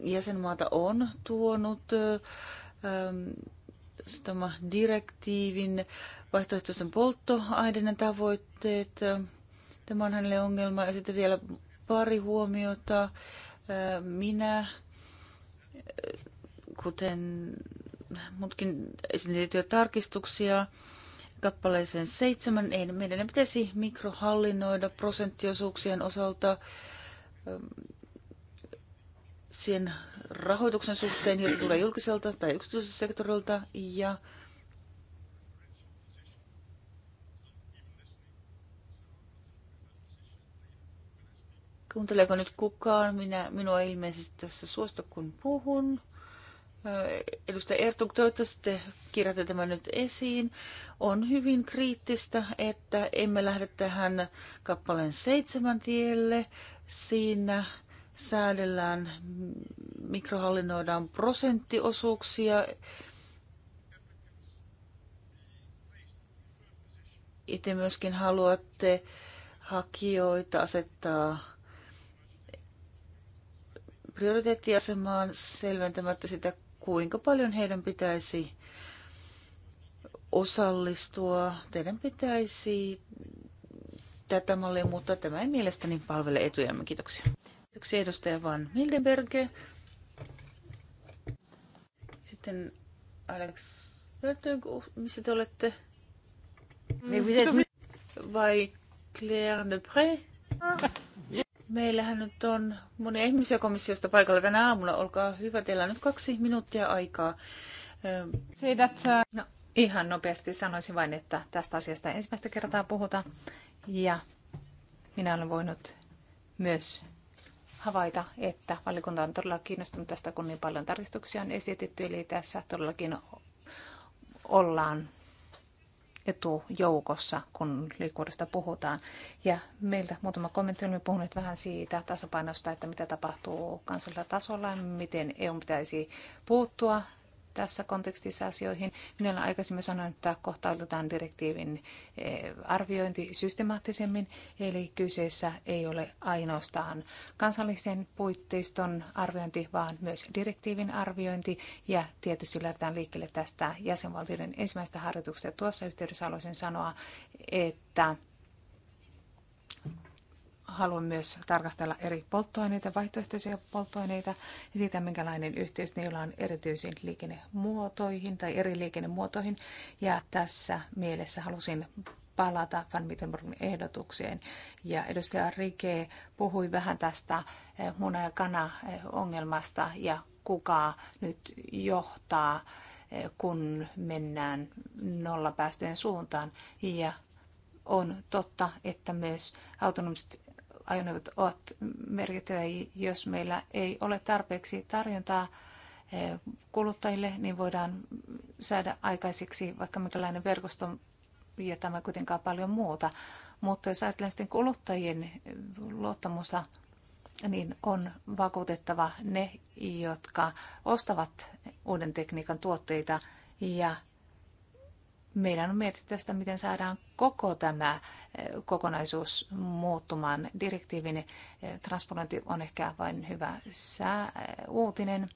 jäsenmaata on tuonut äm, tämä direktiivin vaihtoehtoisen polttoaineiden tavoitteet. Tämä on hänelle ongelma. Ja sitten vielä pari huomiota. Äh, minä kuten muutkin esitettyjä tarkistuksia kappaleeseen seitsemän, ei meidän ei pitäisi mikrohallinnoida prosenttiosuuksien osalta ähm, sen rahoituksen suhteen, jota tulee julkiselta tai yksityiseltä sektorilta ja Kuunteleeko nyt kukaan? Minä, minua ilmeisesti tässä suosta, kun puhun. Edustaja Ertuk, toivottavasti te kirjoitte tämän nyt esiin. On hyvin kriittistä, että emme lähde tähän kappaleen seitsemän tielle. Siinä säädellään, mikrohallinnoidaan prosenttiosuuksia. Itse myöskin haluatte hakijoita asettaa prioriteettiasemaan selventämättä sitä, kuinka paljon heidän pitäisi osallistua. Teidän pitäisi tätä mallia muuttaa. Tämä ei mielestäni palvele etujamme. Kiitoksia. Kiitoksia edustaja Van Mildenberg. Sitten Alex missä te olette? Mais mm. Vai Claire Depré? Meillähän nyt on monia ihmisiä komissiosta paikalla tänä aamulla. Olkaa hyvä, teillä on nyt kaksi minuuttia aikaa. Uh, no, ihan nopeasti sanoisin vain, että tästä asiasta ensimmäistä kertaa puhutaan. Ja minä olen voinut myös havaita, että valikunta on todella kiinnostunut tästä, kun niin paljon tarkistuksia on esitetty. Eli tässä todellakin ollaan etujoukossa, kun liikkuudesta puhutaan. Ja meiltä muutama kommentti, on puhunut vähän siitä tasapainosta, että mitä tapahtuu kansallisella tasolla, miten EU pitäisi puuttua tässä kontekstissa asioihin. Minä aikaisemmin sanonut että kohtaudutaan direktiivin eh, arviointi systemaattisemmin, eli kyseessä ei ole ainoastaan kansallisen puitteiston arviointi, vaan myös direktiivin arviointi, ja tietysti lähdetään liikkeelle tästä jäsenvaltioiden ensimmäistä harjoituksesta. Tuossa yhteydessä haluaisin sanoa, että haluan myös tarkastella eri polttoaineita, vaihtoehtoisia polttoaineita ja siitä, minkälainen yhteys niillä on erityisiin liikennemuotoihin tai eri liikennemuotoihin. Ja tässä mielessä halusin palata Van Mittenburgin ehdotukseen. Ja edustaja Rike puhui vähän tästä eh, muna- ja kana-ongelmasta eh, ja kuka nyt johtaa, eh, kun mennään nollapäästöjen suuntaan. Ja on totta, että myös autonomiset ajoneuvot ovat merkittäviä. Jos meillä ei ole tarpeeksi tarjontaa eh, kuluttajille, niin voidaan saada aikaiseksi vaikka minkälainen verkosto ja tämä kuitenkaan paljon muuta. Mutta jos ajatellaan sitten kuluttajien luottamusta, niin on vakuutettava ne, jotka ostavat uuden tekniikan tuotteita ja meidän on mietittävä sitä, miten saadaan koko tämä eh, kokonaisuus muuttumaan. Direktiivin eh, transponointi on ehkä vain hyvä sää, eh, uutinen.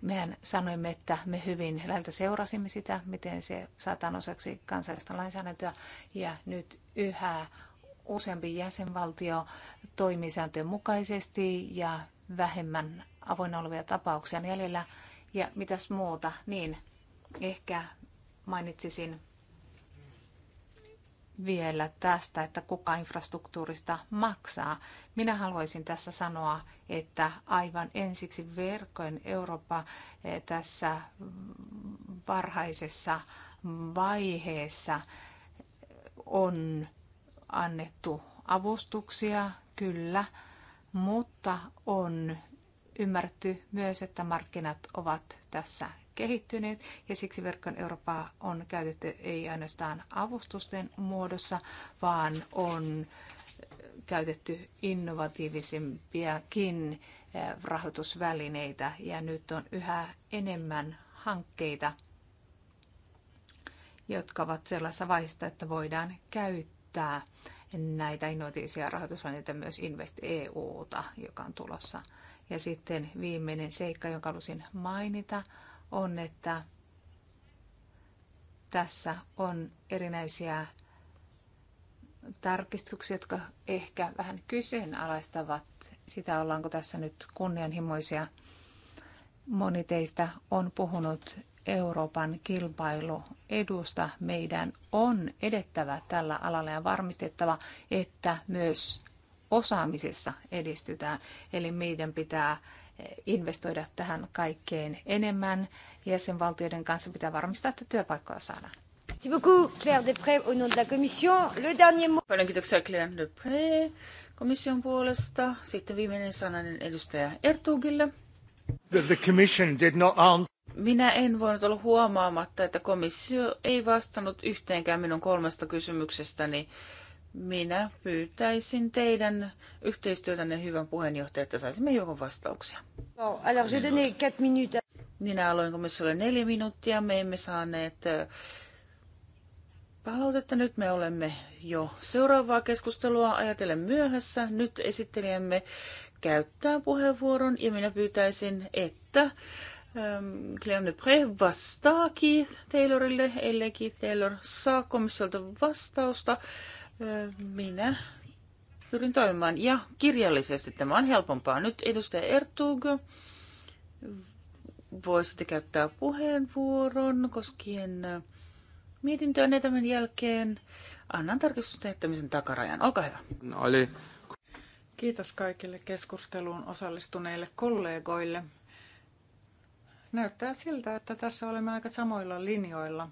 Mehän sanoimme, että me hyvin läheltä seurasimme sitä, miten se saataan osaksi kansallista lainsäädäntöä. Ja nyt yhä useampi jäsenvaltio toimii sääntöjen mukaisesti ja vähemmän avoinna olevia tapauksia jäljellä. Ja mitäs muuta, niin ehkä mainitsisin vielä tästä, että kuka infrastruktuurista maksaa. Minä haluaisin tässä sanoa, että aivan ensiksi verkkojen Eurooppa eh, tässä varhaisessa vaiheessa eh, on annettu avustuksia, kyllä, mutta on ymmärretty myös, että markkinat ovat tässä kehittyneet ja siksi verkon Eurooppaa on käytetty ei ainoastaan avustusten muodossa, vaan on käytetty innovatiivisimpiakin eh, rahoitusvälineitä ja nyt on yhä enemmän hankkeita, jotka ovat sellaisessa vaiheessa, että voidaan käyttää näitä innovatiivisia rahoitusvälineitä myös Invest EUta, joka on tulossa. Ja sitten viimeinen seikka, jonka halusin mainita, on, että tässä on erinäisiä tarkistuksia, jotka ehkä vähän kyseenalaistavat sitä, ollaanko tässä nyt kunnianhimoisia. Moni teistä on puhunut Euroopan kilpailuedusta. Meidän on edettävä tällä alalla ja varmistettava, että myös osaamisessa edistytään. Eli meidän pitää investoida tähän kaikkeen enemmän. Jäsenvaltioiden kanssa pitää varmistaa, että työpaikkoja saadaan. beaucoup, Claire Le dernier mot. Paljon kiitoksia Claire Depré komission puolesta. Sitten viimeinen sananen edustaja Ertugille. The, the commission did not answer. Minä en voinut olla huomaamatta, että komissio ei vastannut yhteenkään minun kolmesta kysymyksestäni. Niin minä pyytäisin teidän yhteistyötänne hyvän puheenjohtajan, että saisimme hiukan vastauksia. No, alors je donne 4 minutes. Minä aloin komissiolle neljä minuuttia. Me emme saaneet äh, palautetta. Nyt me olemme jo seuraavaa keskustelua ajatellen myöhässä. Nyt esittelijämme käyttää puheenvuoron ja minä pyytäisin, että ähm, Cleon Dupre vastaa Keith Taylorille, ellei Keith Taylor saa komissiolta vastausta minä pyrin toimimaan. Ja kirjallisesti tämä on helpompaa. Nyt edustaja Ertug, voisitte käyttää puheenvuoron koskien mietintöä tämän jälkeen. Annan tarkistustehtämisen takarajan. Olkaa hyvä. No, oli. Kiitos kaikille keskusteluun osallistuneille kollegoille. Näyttää siltä, että tässä olemme aika samoilla linjoilla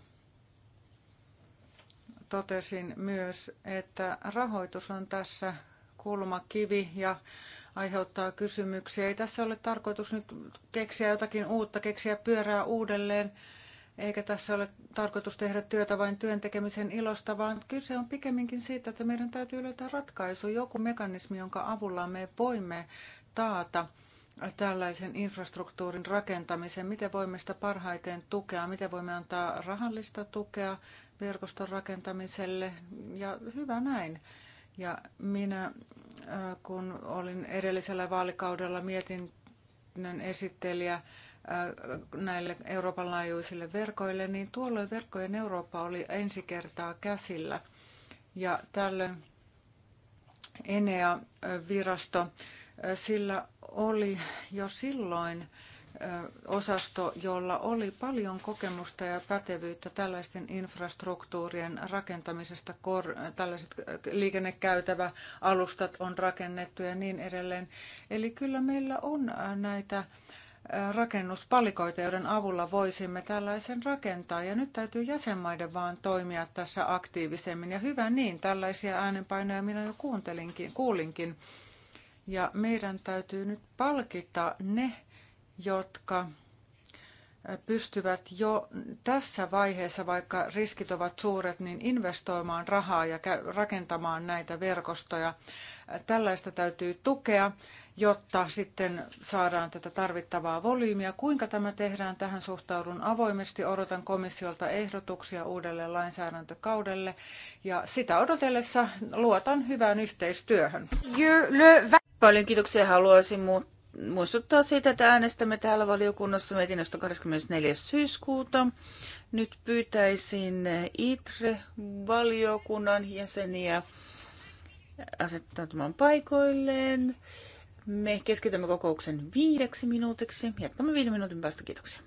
totesin myös, että rahoitus on tässä kulmakivi ja aiheuttaa kysymyksiä. Ei tässä ole tarkoitus nyt keksiä jotakin uutta, keksiä pyörää uudelleen, eikä tässä ole tarkoitus tehdä työtä vain työntekemisen ilosta, vaan kyse on pikemminkin siitä, että meidän täytyy löytää ratkaisu, joku mekanismi, jonka avulla me voimme taata tällaisen infrastruktuurin rakentamisen, miten voimme sitä parhaiten tukea, miten voimme antaa rahallista tukea, verkoston rakentamiselle ja hyvä näin. Ja minä, äh, kun olin edellisellä vaalikaudella mietinnön esittelijä äh, näille Euroopan laajuisille verkoille, niin tuolloin verkkojen Eurooppa oli ensi kertaa käsillä. Ja tällöin Enea-virasto, äh, sillä oli jo silloin osasto, jolla oli paljon kokemusta ja pätevyyttä tällaisten infrastruktuurien rakentamisesta. Kor, tällaiset liikennekäytävä alustat on rakennettu ja niin edelleen. Eli kyllä meillä on näitä rakennuspalikoita, joiden avulla voisimme tällaisen rakentaa. Ja nyt täytyy jäsenmaiden vaan toimia tässä aktiivisemmin. Ja hyvä niin, tällaisia äänenpainoja minä jo kuuntelinkin, kuulinkin. Ja meidän täytyy nyt palkita ne jotka äh, pystyvät jo tässä vaiheessa, vaikka riskit ovat suuret, niin investoimaan rahaa ja rakentamaan näitä verkostoja. Äh, tällaista täytyy tukea, jotta sitten saadaan tätä tarvittavaa volyymia. Kuinka tämä tehdään, tähän suhtaudun avoimesti. Odotan komissiolta ehdotuksia uudelle lainsäädäntökaudelle ja sitä odotellessa luotan hyvään yhteistyöhön. Paljon kiitoksia haluaisin muuttaa muistuttaa siitä, että äänestämme täällä valiokunnassa mietinnöstä 24. syyskuuta. Nyt pyytäisin ITRE-valiokunnan jäseniä asettautumaan paikoilleen. Me keskitymme kokouksen viideksi minuutiksi. Jatkamme viiden minuutin päästä. Kiitoksia.